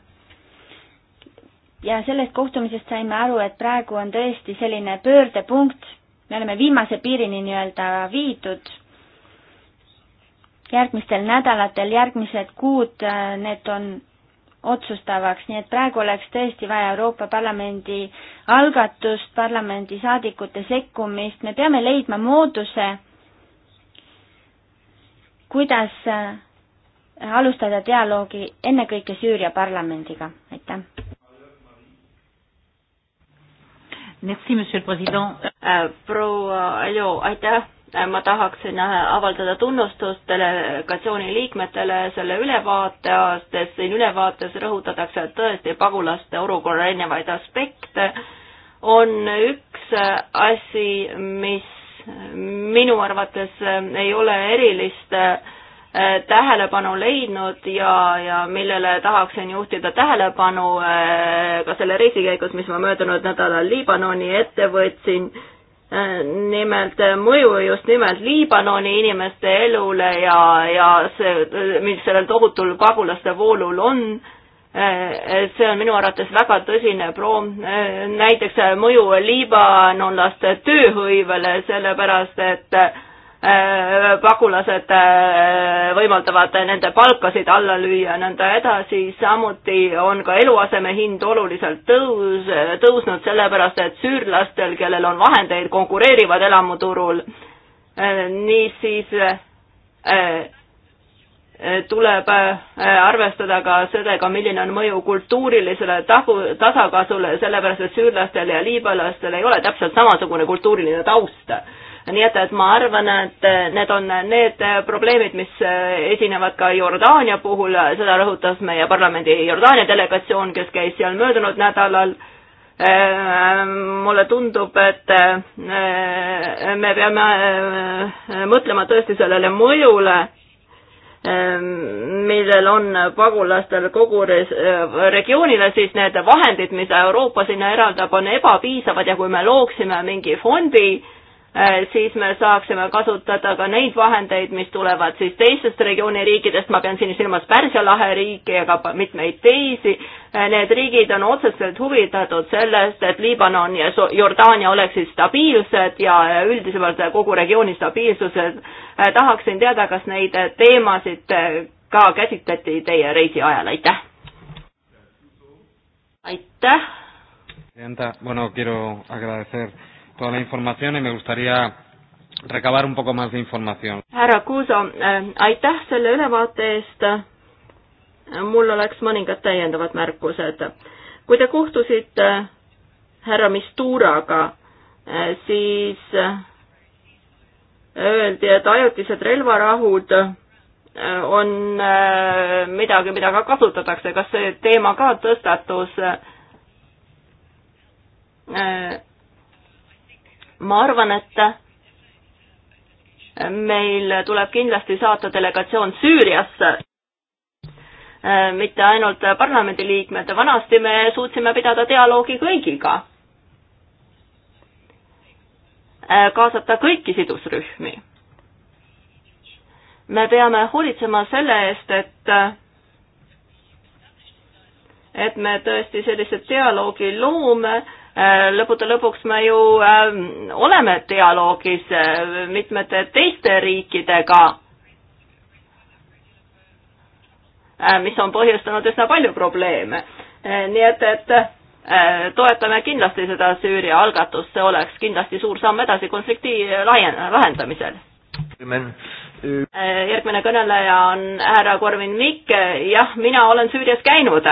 S3: ja sellest kohtumisest saime aru, et praegu on tõesti selline pöördepunkt, me oleme viimase piirini nii-öelda viidud. järgmistel nädalatel, järgmised kuud, äh, need on otsustavaks, nii et praegu oleks tõesti vaja Euroopa Parlamendi algatust, parlamendisaadikute sekkumist, me peame leidma mooduse, kuidas äh, alustada dialoogi ennekõike Süüria parlamendiga, aitäh.
S2: Merci, monsieur le president.
S1: Äh, proua Aljo, aitäh. Äh, ma tahaksin avaldada tunnustust delegatsiooni liikmetele selle ülevaate eest, sest siin ülevaates rõhutatakse tõesti pagulaste olukorra erinevaid aspekte. on üks asi, mis minu arvates äh, ei ole erilist äh, tähelepanu leidnud ja, ja millele tahaksin juhtida tähelepanu äh, ka selle reisi käigus, mis ma möödunud nädalal Liibanoni ette võtsin, nimelt mõju just nimelt Liibanoni inimeste elule ja, ja see, mis sellel tohutul pagulaste voolul on Äh, see on minu arvates väga tõsine proov, äh, näiteks äh, mõju liibanonlaste tööhõivele, sellepärast et pagulased võimaldavad nende palkasid alla lüüa, nõnda edasi, samuti on ka eluaseme hind oluliselt tõus, tõusnud, sellepärast et süürlastel, kellel on vahendeid, konkureerivad elamuturul, niisiis tuleb äh, arvestada ka sellega, milline on mõju kultuurilisele tagu, tasakaalule, sellepärast et süürlastel ja liibalastel ei ole täpselt samasugune kultuuriline taust. nii et, et ma arvan, et need on need probleemid, mis äh, esinevad ka Jordaania puhul, seda rõhutas meie parlamendi Jordaania delegatsioon, kes käis seal möödunud nädalal äh, mulle tundub, et me peame mõtlema tõesti sellele mõjule Ehm, millel on pagulastel kogu res-, eh, regioonile, siis need vahendid, mida Euroopa sinna eraldab, on ebapiisavad ja kui me looksime mingi fondi, Äh, siis me saaksime kasutada ka neid vahendeid, mis tulevad siis teistest regiooni riikidest, ma pean siin silmas Pärsia lahe riike ja ka mitmeid teisi. Äh, need riigid on otseselt huvitatud sellest, et Liibanon ja Jordaania oleksid stabiilsed ja äh, üldisemalt kogu regiooni stabiilsused. tahaksin teada, kas neid teemasid ka käsitleti teie reisi ajal, aitäh! aitäh!
S2: Bueno, quiero agradecer toda la información y me gustaría recabar un poco más de información.
S1: härra Kuuso, äh, aitäh selle ülevaate eest. mul oleks mõningad täiendavad märkused. kui te kohtusite äh, härra Misturaga, äh, siis öeldi, et ajutised relvarahud on midagi, mida ka kasutatakse, kas see teema ka tõstatus? ma arvan, et meil tuleb kindlasti saata delegatsioon Süüriasse, mitte ainult parlamendiliikmed, vanasti me suutsime pidada dialoogi kõigiga, kaasata kõiki sidusrühmi. me peame hoolitsema selle eest, et et me tõesti sellise dialoogi loome Äh, lõppude lõpuks me ju ähm, oleme dialoogis äh, mitmete teiste riikidega, äh, mis on põhjustanud üsna palju probleeme. nii et, et toetame kindlasti seda Süüria algatust, see oleks kindlasti suur samm edasi konflikti laien-, lahendamisel. järgmine kõneleja on härra Korvin Mikke, jah, mina olen Süürias käinud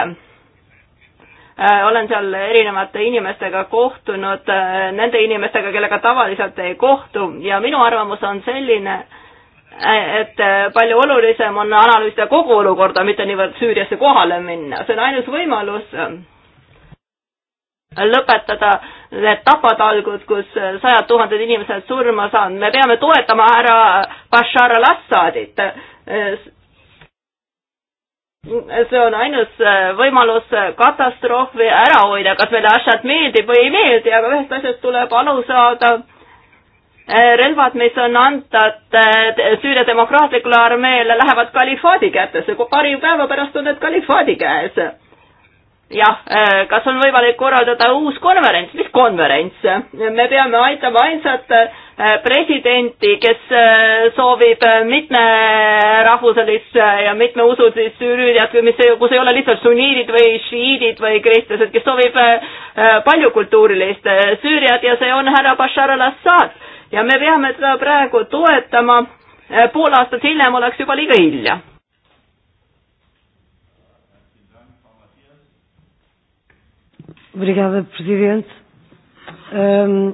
S1: Äh, olen seal erinevate inimestega kohtunud, äh, nende inimestega, kellega tavaliselt ei kohtu ja minu arvamus on selline, äh, et palju olulisem on analüüsida kogu olukorda, mitte niivõrd Süüriasse kohale minna, see on ainus võimalus lõpetada need tapatalgud, kus sajad tuhanded inimesed surma saanud, me peame toetama härra Bashar al-Assadit see on ainus äh, võimalus äh, katastroofi ära hoida, kas meile asjad meeldib või ei meeldi, aga ühest asjast tuleb aru saada. Äh, relvad, mis on antud Süüria demokraatlikule armeele, lähevad kalifaadi kätesse, paari päeva pärast on need kalifaadi käes. jah, kas on võimalik korraldada uus konverents, mis konverents? me peame aitama ainsat Äh, presidenti, kes äh, soovib äh, mitmerahvuselist ja mitmeusulist Süüriat või mis, kus ei ole lihtsalt sunniidid või šiiidid või kristlased, kes soovib paljukultuurilist Süüriat ja see on härra Bashar al-Assad ja me peame teda praegu toetama. pool aastat hiljem oleks juba liiga hilja.
S2: Obrigada, president um.... Ehm,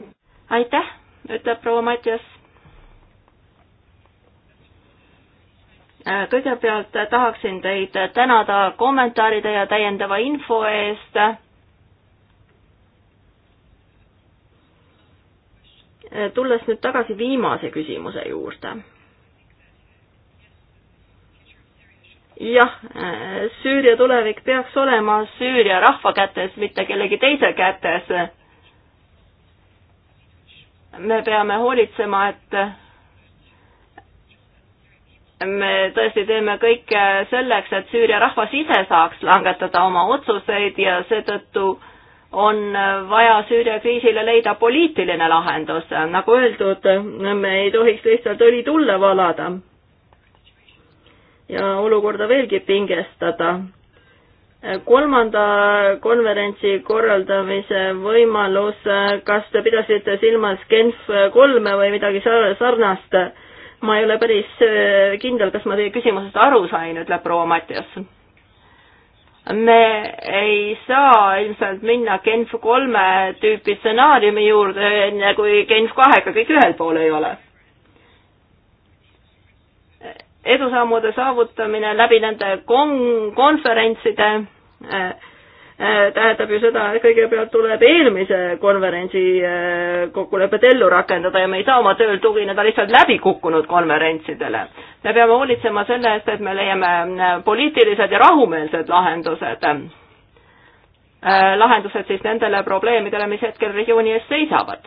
S2: aitäh ütleb proua Matjas.
S1: kõigepealt tahaksin teid tänada kommentaaride ja täiendava info eest. tulles nüüd tagasi viimase küsimuse juurde jah, Süüria tulevik peaks olema Süüria rahva kätes, mitte kellegi teise kätes me peame hoolitsema, et me tõesti teeme kõike selleks, et Süüria rahvas ise saaks langetada oma otsuseid ja seetõttu on vaja Süüria kriisile leida poliitiline lahendus. nagu öeldud, me ei tohiks lihtsalt õli tulle valada ja olukorda veelgi pingestada kolmanda konverentsi korraldamise võimalus, kas te pidasite silmas Genf kolme või midagi sarnast? ma ei ole päris äh, kindel, kas ma teie küsimusest aru sain, ütleb proua Mattias. me ei saa ilmselt minna Genf kolme tüüpi stsenaariumi juurde, enne kui Genf kahega kõik ühel pool ei ole edusammude saavutamine läbi nende kon-, konverentside äh, äh, tähendab ju seda, et kõigepealt tuleb eelmise konverentsi äh, kokkulepet ellu rakendada ja me ei saa oma tööl tugineda lihtsalt läbikukkunud konverentsidele. me peame hoolitsema selle eest, et me leiame poliitilised ja rahumeelsed lahendused, lahendused siis nendele probleemidele, mis hetkel regiooni ees seisavad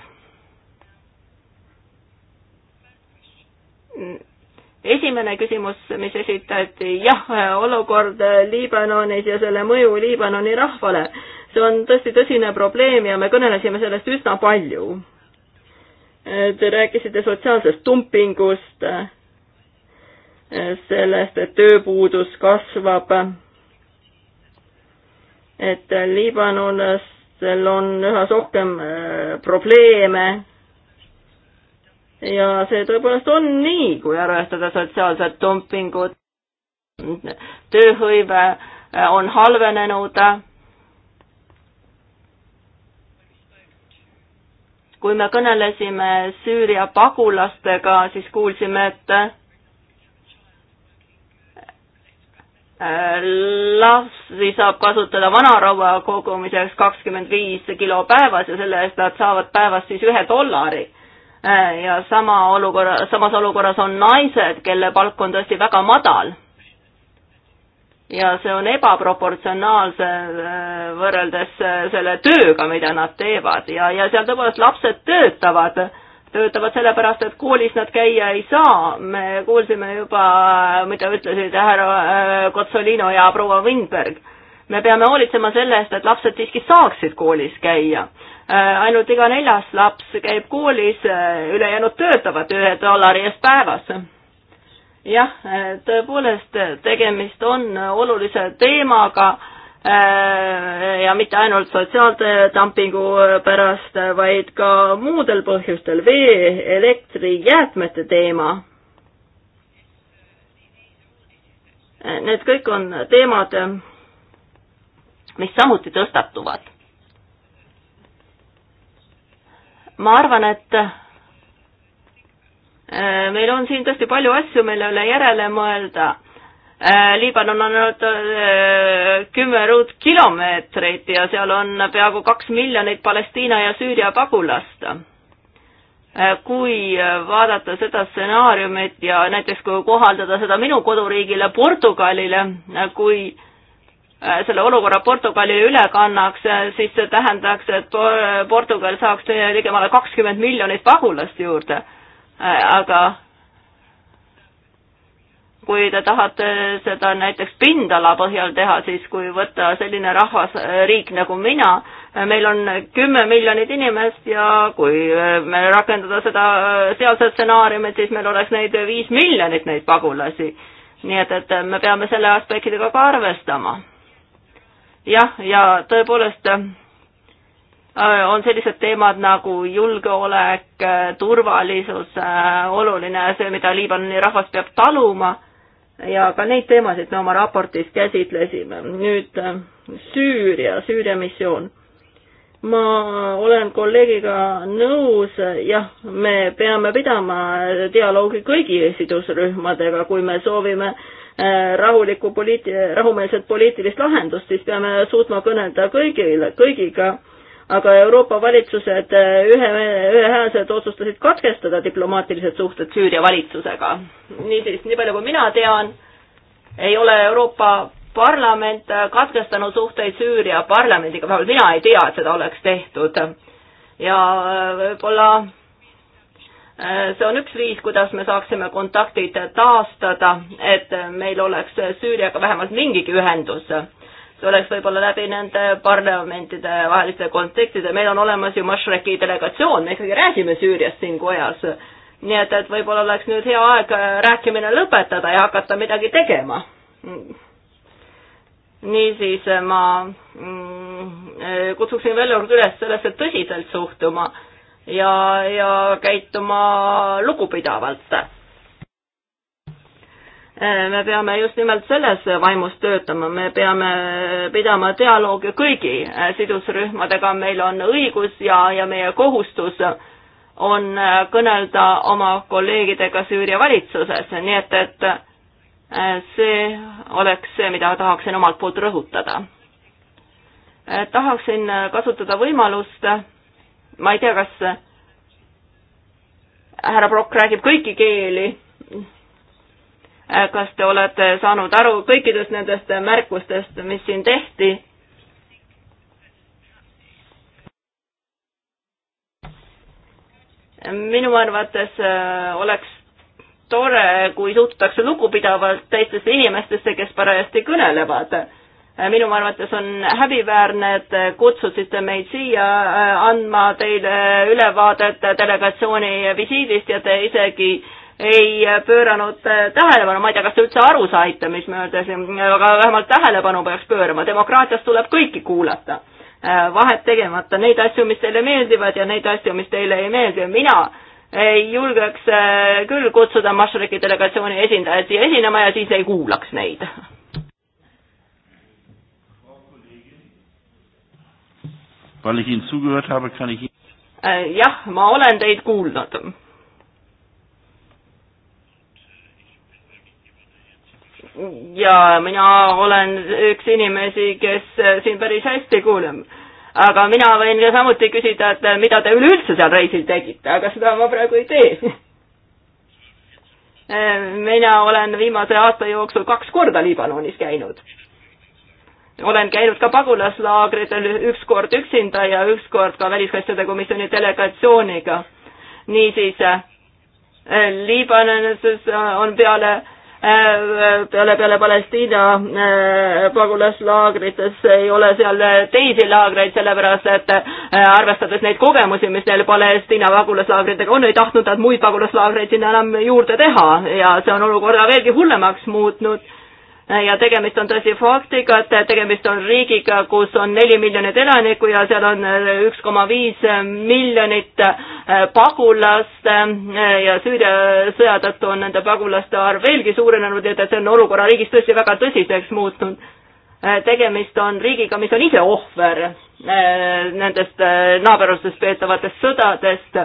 S1: esimene küsimus, mis esitati, jah, olukord Liibanonis ja selle mõju Liibanoni rahvale. see on tõesti tõsine probleem ja me kõnelesime sellest üsna palju. Te rääkisite sotsiaalsest dumpingust, sellest, et tööpuudus kasvab, et Liibanonas seal on üha rohkem äh, probleeme ja see tõepoolest on nii, kui arvestada sotsiaalset dumpingut, tööhõive äh, on halvenenud. kui me kõnelesime Süüria pagulastega, siis kuulsime, et äh, lapsi saab kasutada vanaraua kogumiseks kakskümmend viis kilo päevas ja selle eest nad saavad päevas siis ühe dollari. Äh, ja sama olukorra, samas olukorras on naised, kelle palk on tõesti väga madal. ja see on ebaproportsionaalse äh, võrreldes äh, selle tööga, mida nad teevad ja, ja seal tõepoolest lapsed töötavad töötavad sellepärast, et koolis nad käia ei saa. me kuulsime juba, mida ütlesid härra Kotsolino ja proua Windberg. me peame hoolitsema selle eest, et lapsed siiski saaksid koolis käia Äh, ainult iga neljas laps käib koolis, äh, ülejäänud töötavad ühe dollari eest päevas. jah, äh, tõepoolest, tegemist on olulise teemaga ja mitte ainult sotsiaaldumpingu pärast, vaid ka muudel põhjustel, vee, elektri, jäätmete teema. Need kõik on teemad, mis samuti tõstatuvad ma arvan, et äh, meil on siin tõesti palju asju, mille üle järele mõelda. Äh, Liibanon on olnud äh, kümme ruutkilomeetrit ja seal on peaaegu kaks miljonit Palestiina ja Süüria pagulast. kui vaadata seda stsenaariumit ja näiteks kui kohaldada seda minu koduriigile Portugalile, kui Äh, selle olukorra Portugalile üle kannaks, äh, siis see tähendaks, et Portugal saaks ligemale kakskümmend miljonit pagulast juurde. Äh, aga kui te tahate seda näiteks pindala põhjal teha, siis kui võtta selline rahvasriik nagu mina, meil on kümme miljonit inimest ja kui me rakendada seda sealset stsenaariumit, siis meil oleks neid viis miljonit, neid pagulasi. nii et, et me peame selle aspektidega ka arvestama jah, ja tõepoolest äh, on sellised teemad nagu julgeolek, äh, turvalisus, äh, oluline see, mida Liibanoni rahvas peab taluma ja ka neid teemasid me oma raportis käsitlesime. nüüd Süüria, Süüria missioon. ma olen kolleegiga nõus, jah, me peame pidama dialoogi kõigi sidusrühmadega, kui me soovime äh, Äh, rahulikku poliit-, rahumeelset poliitilist lahendust, siis peame suutma kõnelda kõigile, kõigiga. aga Euroopa valitsused äh, ühe, ühehäälselt otsustasid katkestada diplomaatilised suhted Süüria valitsusega. niisiis, nii palju kui mina tean, ei ole Euroopa Parlament äh, katkestanud suhteid Süüria parlamendiga, vähemalt mina ei tea, et seda oleks tehtud. ja võib-olla Äh, see on üks viis, kuidas me saaksime kontaktid taastada, et meil oleks Süüriaga vähemalt mingigi ühendus. see oleks võib-olla läbi nende parlamentide vaheliste kontaktide, meil on olemas ju Mashreki delegatsioon, me ikkagi räägime Süüriast siin kojas. nii et, et võib-olla oleks nüüd hea aeg rääkimine lõpetada ja hakata midagi tegema niisiis ma mm, kutsuksin veel kord üles sellesse tõsiselt suhtuma ja, ja käituma lugupidavalt. me peame just nimelt selles vaimus töötama, me peame pidama dialoogi kõigi sidusrühmadega, meil on õigus ja, ja meie kohustus on kõnelda oma kolleegidega Süüria valitsuses, nii et, et see oleks see, mida tahaksin omalt poolt rõhutada. tahaksin kasutada võimalust ma ei tea, kas härra Prokk räägib kõiki keeli. kas te olete saanud aru kõikidest nendest märkustest, mis siin tehti? minu arvates äh, oleks tore, kui suhtutakse lugupidavalt teistesse inimestesse, kes parajasti kõnelevad Äh, minu arvates on häbiväärne, et kutsusite meid siia äh, andma teile ülevaadet delegatsiooni visiidist ja te isegi ei pööranud äh, tähelepanu, ma ei tea, kas te üldse aru saite, mis me ütlesime, aga vähemalt tähelepanu peaks pöörama, demokraatias tuleb kõiki kuulata. vahet tegemata neid asju, mis teile meeldivad ja neid asju, mis teile ei meeldi, mina ei julgeks küll kutsuda Mašreki delegatsiooni esindajaid siia esinema ja siis ei kuulaks neid [laughs]
S3: Weil ich Ihnen zugehört habe, kann ich Ihnen
S1: äh, jah, ma olen teid kuulnud. ja mina olen üks inimesi, kes äh, siin päris hästi kuuleb. aga mina võin ka samuti küsida, et äh, mida te üleüldse seal reisil tegite, aga seda ma praegu ei tee. [laughs] mina olen viimase aasta jooksul kaks korda Liibanonis käinud olen käinud ka pagulaslaagritel üks kord üksinda ja üks kord ka väliskaitsjate komisjoni delegatsiooniga. niisiis äh, Liibanonis äh, on peale äh, peale, peale Palestiina pagulaslaagrites ei ole seal teisi laagreid, sellepärast et arvestades neid kogemusi, mis neil Palestiina pagulaslaagritega on, ei tahtnud nad muid pagulaslaagreid sinna enam juurde teha ja see on olukorda veelgi hullemaks muutnud ja tegemist on tõsi faktiga, et tegemist on riigiga, kus on neli miljonit elanikku ja seal on äh, üks koma viis miljonit äh, pagulast äh, ja Süüria sõja tõttu on nende pagulaste arv veelgi suurenenud, nii et see on olukorra riigis tõesti väga tõsiseks muutunud. tegemist on riigiga, mis on ise ohver nendest naaberlustest peetavatest sõdadest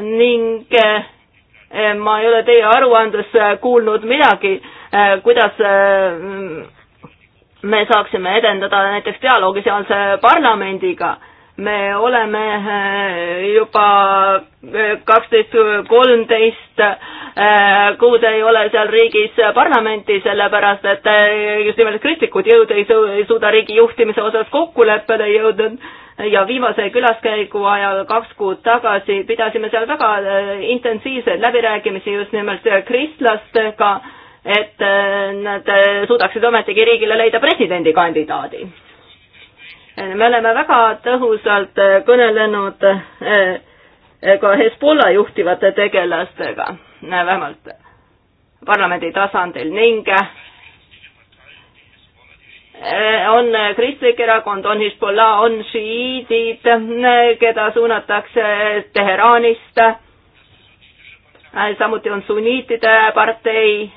S1: ning ma ei ole teie aruandes kuulnud midagi Äh, kuidas äh, me saaksime edendada näiteks dialoogi sealse parlamendiga. me oleme äh, juba kaksteist, kolmteist kuud ei ole seal riigis parlamenti, sellepärast et just nimelt kristlikud jõud ei suuda riigi juhtimise osas kokkuleppele jõuda ja viimase külaskäigu ajal kaks kuud tagasi pidasime seal väga intensiivseid läbirääkimisi just nimelt kristlastega et äh, nad äh, suudaksid ometigi riigile leida presidendikandidaadi. me oleme väga tõhusalt äh, kõnelenud ka Hezbollah juhtivate tegelastega, vähemalt parlamendi tasandil ning on kristlik erakond, on Hezbollah, on šiiidid, keda suunatakse Teheranist, samuti on sunniitide partei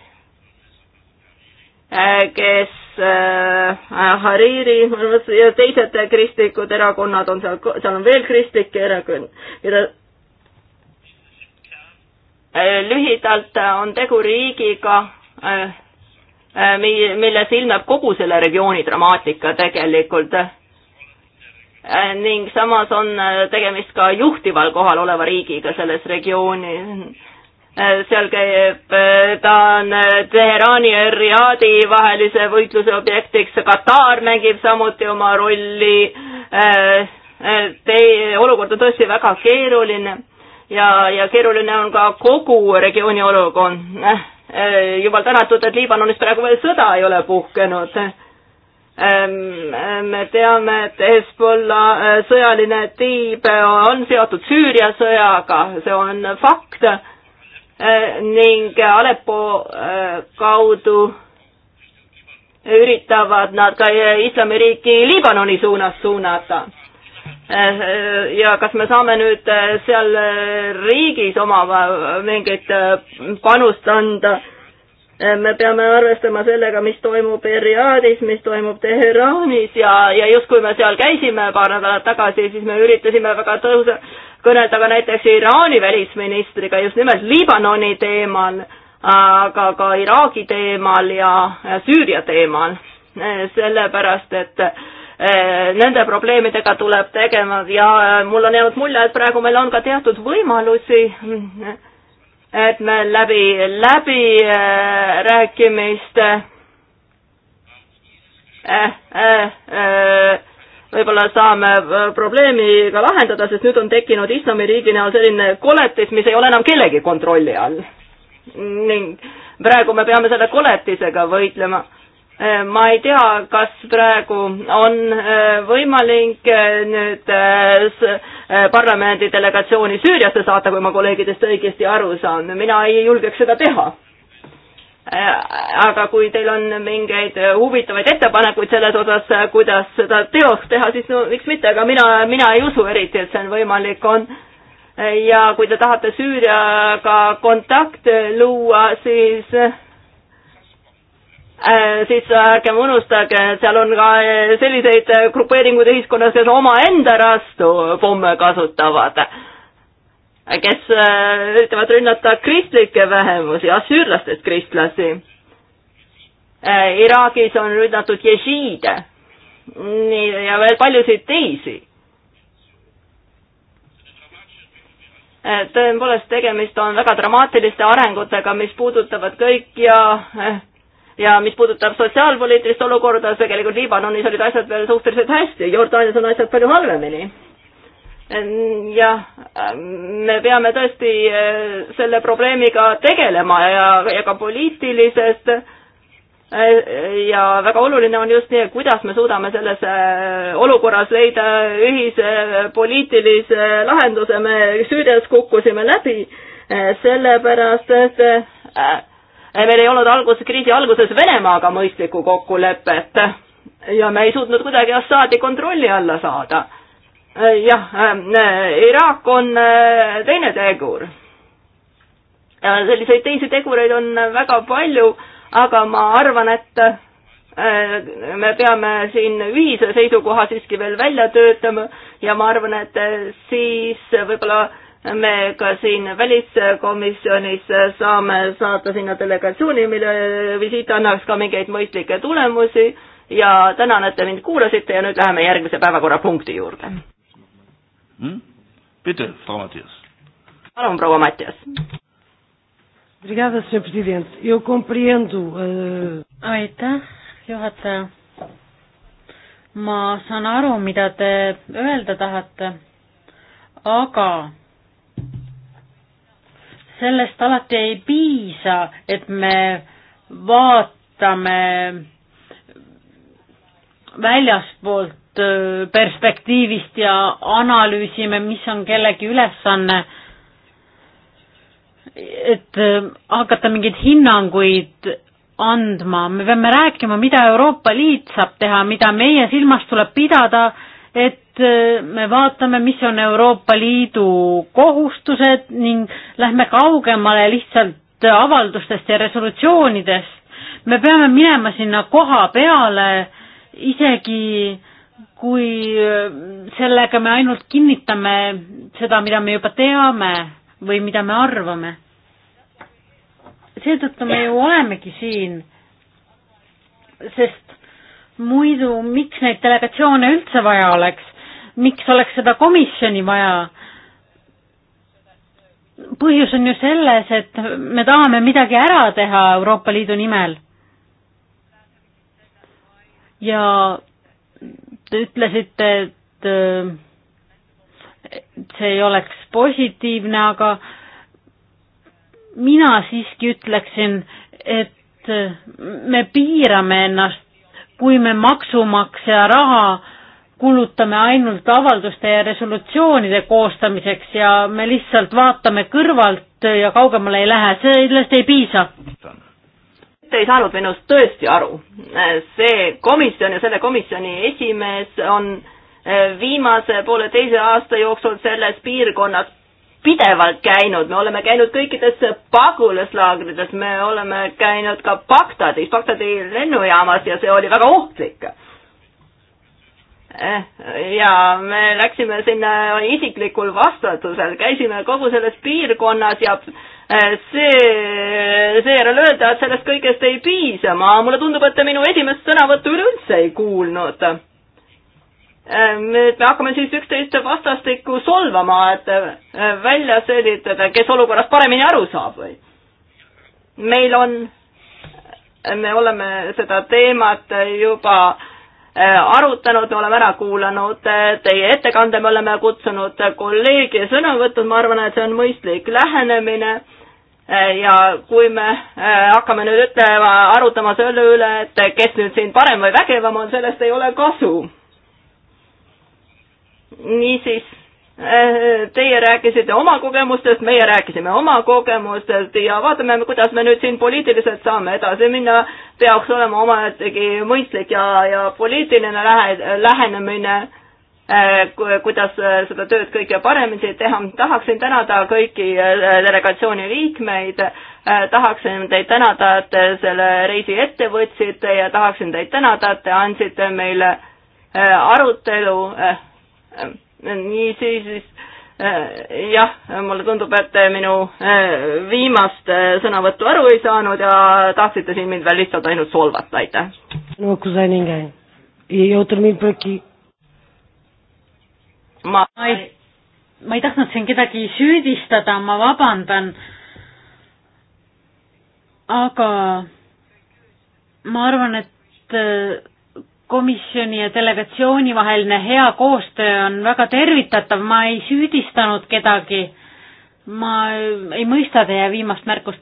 S1: Äh, kes äh, Hariri ja teised kristlikud erakonnad on seal, seal on veel kristlikke erakond, keda äh, lühidalt on tegu riigiga, milles ilmneb kogu selle regiooni dramaatika tegelikult. ning samas on tegemist ka juhtival kohal oleva riigiga selles regioonis Äh, seal käib, äh, ta on äh, Teherani ja Riadi vahelise võitluse objektiks, Katar mängib samuti oma rolli. Tei-, olukord on tõesti väga keeruline ja, ja keeruline on ka kogu regiooni olukord. jumal tänatud, et Liibanonis praegu veel sõda ei ole puhkenud ähm, me teame, et Hezbollah sõjaline tiib on seotud Süüria sõjaga, see on fakt Äh, ning Aleppo äh, kaudu üritavad nad ka äh, islamiriiki Liibanoni suunas suunata. ja kas me saame nüüd seal riigis oma mingit panust anda Äh, me peame arvestama sellega, mis toimub Riadis, mis toimub Teheranis ja, ja justkui me seal käisime paar nädalat tagasi, siis me üritasime väga tõhusa kõnelda ka näiteks Iraani välisministriga just nimelt Liibanoni teemal, aga ka Iraagi teemal ja, ja Süüria teemal, äh, sellepärast et äh, nende probleemidega tuleb tegema ja mul on jäänud mulje, et praegu meil on ka teatud võimalusi mm, et me läbi läbirääkimiste äh, äh, äh, äh, võib-olla saame äh, probleemi ka lahendada, sest nüüd on tekkinud islamiriigi näol selline koletis, mis ei ole enam kellegi kontrolli all. ning praegu me peame selle koletisega võitlema Äh, ma ei tea, kas praegu on äh, võimalik äh, nüüd parlamendi delegatsiooni Süüriasse saata, kui ma kolleegidest õigesti aru saan, mina ei julgeks seda teha. aga kui teil on mingeid huvitavaid ettepanekuid selles osas, kuidas seda teoks teha, siis no miks mitte, aga mina, mina ei usu eriti, et see on võimalik, on ja kui te tahate Süüriaga kontakte luua, siis Äh, siis ärgem unustage, et seal on ka äh, selliseid äh, grupeeringuid ühiskonnas, kes omaenda rastu pomme kasutavad, kes üritavad rünnata kristlikke vähemusi, assüürlastest kristlasi. Iraagis on rünnatud jesiide nii, ja veel paljusid teisi tõepoolest tegemist on väga dramaatiliste arengutega, mis puudutavad kõik ja ja mis puudutab sotsiaalpoliitilist olukorda, siis tegelikult Liibanonis olid asjad veel suhteliselt hästi, Jordaanias on asjad palju halvemini. Ehm, jah, ehm, me peame tõesti eh, selle probleemiga tegelema ja, ja ka poliitilisest eh, ja väga oluline on just nii, kuidas me suudame selles eh, olukorras leida ühise poliitilise lahenduse, me Süürias kukkusime läbi, sellepärast et äh, Eh, meil ei olnud algus, kriisi alguses Venemaaga mõistlikku kokkulepet ja me ei suutnud kuidagi Assaadi kontrolli alla saada. Eh, jah äh,, Iraak on äh, teine tegur. selliseid teisi tegureid on väga palju, aga ma arvan, et äh, me peame siin ühise seisukoha siiski veel välja töötama ja ma arvan, et siis võib-olla me ka siin väliskomisjonis saame saata sinna delegatsiooni, mille visiit annaks ka mingeid mõistlikke tulemusi ja tänan, et te mind kuulasite ja nüüd läheme järgmise päevakorrapunkti juurde hmm?. Bitte, Frau Mattias. Palun, proua Mattias.
S2: Obrigada, senhor presidente. Eu compreendo. Uh... aitäh, juhataja. ma saan aru, mida te öelda tahate, aga sellest alati ei piisa, et me vaatame väljaspoolt perspektiivist ja analüüsime, mis on kellegi ülesanne, et hakata mingeid hinnanguid andma, me peame rääkima, mida Euroopa Liit saab teha, mida meie silmas tuleb pidada, et Äh, me vaatame, mis on Euroopa Liidu kohustused ning lähme kaugemale lihtsalt avaldustest ja resolutsioonidest. me peame minema sinna koha peale, isegi kui äh, sellega me ainult kinnitame seda, mida me juba teame või mida me arvame. seetõttu me ju olemegi siin, sest muidu miks neid delegatsioone üldse vaja oleks? miks oleks seda komisjoni vaja? põhjus on ju selles, et me tahame midagi ära teha Euroopa Liidu nimel. ja te ütlesite, et see ei oleks positiivne, aga mina siiski ütleksin, et me piirame ennast, kui me maksumaksja raha kulutame ainult avalduste ja resolutsioonide koostamiseks ja me lihtsalt vaatame kõrvalt ja kaugemale ei lähe, sellest ei piisa.
S1: Te ei saanud minust tõesti aru. see komisjon ja selle komisjoni esimees on eh, viimase pooleteise aasta jooksul selles piirkonnas pidevalt käinud, me oleme käinud kõikides pagulaslaagrides, me oleme käinud ka Bagdadis, Bagdadi lennujaamas ja see oli väga ohtlik Eh, ja me läksime sinna isiklikul vastutusel, käisime kogu selles piirkonnas ja eh, see, seejärel öelda, et sellest kõigest ei piisa, ma, mulle tundub, et te minu esimest sõnavõttu üleüldse ei kuulnud. nüüd eh, me hakkame siis üksteist vastastikku solvama, et välja selgitada, kes olukorrast paremini aru saab või? meil on, me oleme seda teemat juba äh, Äh, arutanud, me oleme ära kuulanud äh, teie ettekande, me oleme kutsunud kolleegi sõna võtnud, ma arvan, et see on mõistlik lähenemine äh, ja kui me hakkame nüüd ütlema, arutama selle üle, et kes nüüd siin parem või vägevam on, sellest ei ole kasu. niisiis Eh, teie rääkisite oma kogemustest, meie rääkisime oma kogemustest ja vaatame, kuidas me nüüd siin poliitiliselt saame edasi minna. peaks olema ometigi mõistlik ja, ja poliitiline lähe, lähenemine, eh, kuidas eh, seda tööd kõige paremini teha. tahaksin tänada kõiki delegatsiooni liikmeid, tahaksin teid tänada, et te selle reisi ette võtsite ja tahaksin teid tänada, et te andsite meile arutelu niisiis äh, jah, mulle tundub, et te minu äh, viimast äh, sõnavõttu aru ei saanud ja tahtsite siin mind veel lihtsalt ainult solvata, aitäh.
S2: no kui sa nii käid. ja ütleme ikkagi. ma ei, ma ei tahtnud siin kedagi süüdistada, ma vabandan. aga ma arvan, et komisjoni ja delegatsiooni vaheline hea koostöö on väga tervitatav, ma ei süüdistanud kedagi. ma ei mõista teie viimast märkust.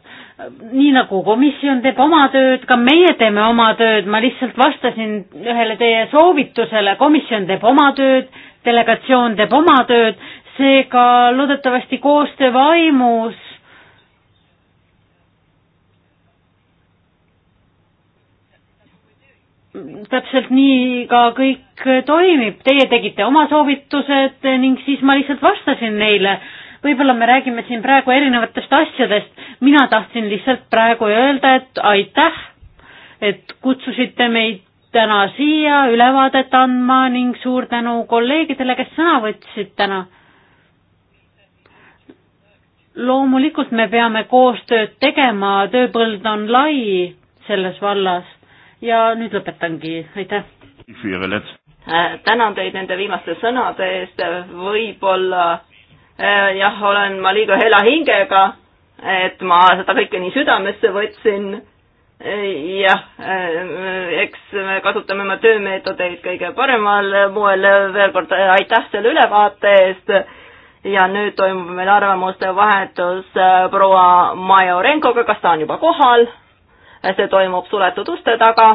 S2: nii nagu komisjon teeb oma tööd, ka meie teeme oma tööd, ma lihtsalt vastasin ühele teie soovitusele, komisjon teeb oma tööd, delegatsioon teeb oma tööd, seega loodetavasti koostöö vaimus täpselt nii ka kõik toimib, teie tegite oma soovitused ning siis ma lihtsalt vastasin neile. võib-olla me räägime siin praegu erinevatest asjadest, mina tahtsin lihtsalt praegu öelda, et aitäh, et kutsusite meid täna siia ülevaadet andma ning suur tänu kolleegidele, kes sõna võtsid täna. loomulikult me peame koostööd tegema, tööpõld on lai selles vallas ja nüüd lõpetangi,
S1: aitäh! Äh, tänan teid nende viimaste sõnade eest, võib-olla äh, jah, olen ma liiga hela hingega, et ma seda kõike nii südamesse võtsin. Äh, jah, eks me kasutame oma töömeetodeid kõige paremal moel, veel kord aitäh selle ülevaate eest ja nüüd toimub meil arvamuste vahetus proua Maja Orenkoga, kas ta on juba kohal? see toimub suletud uste taga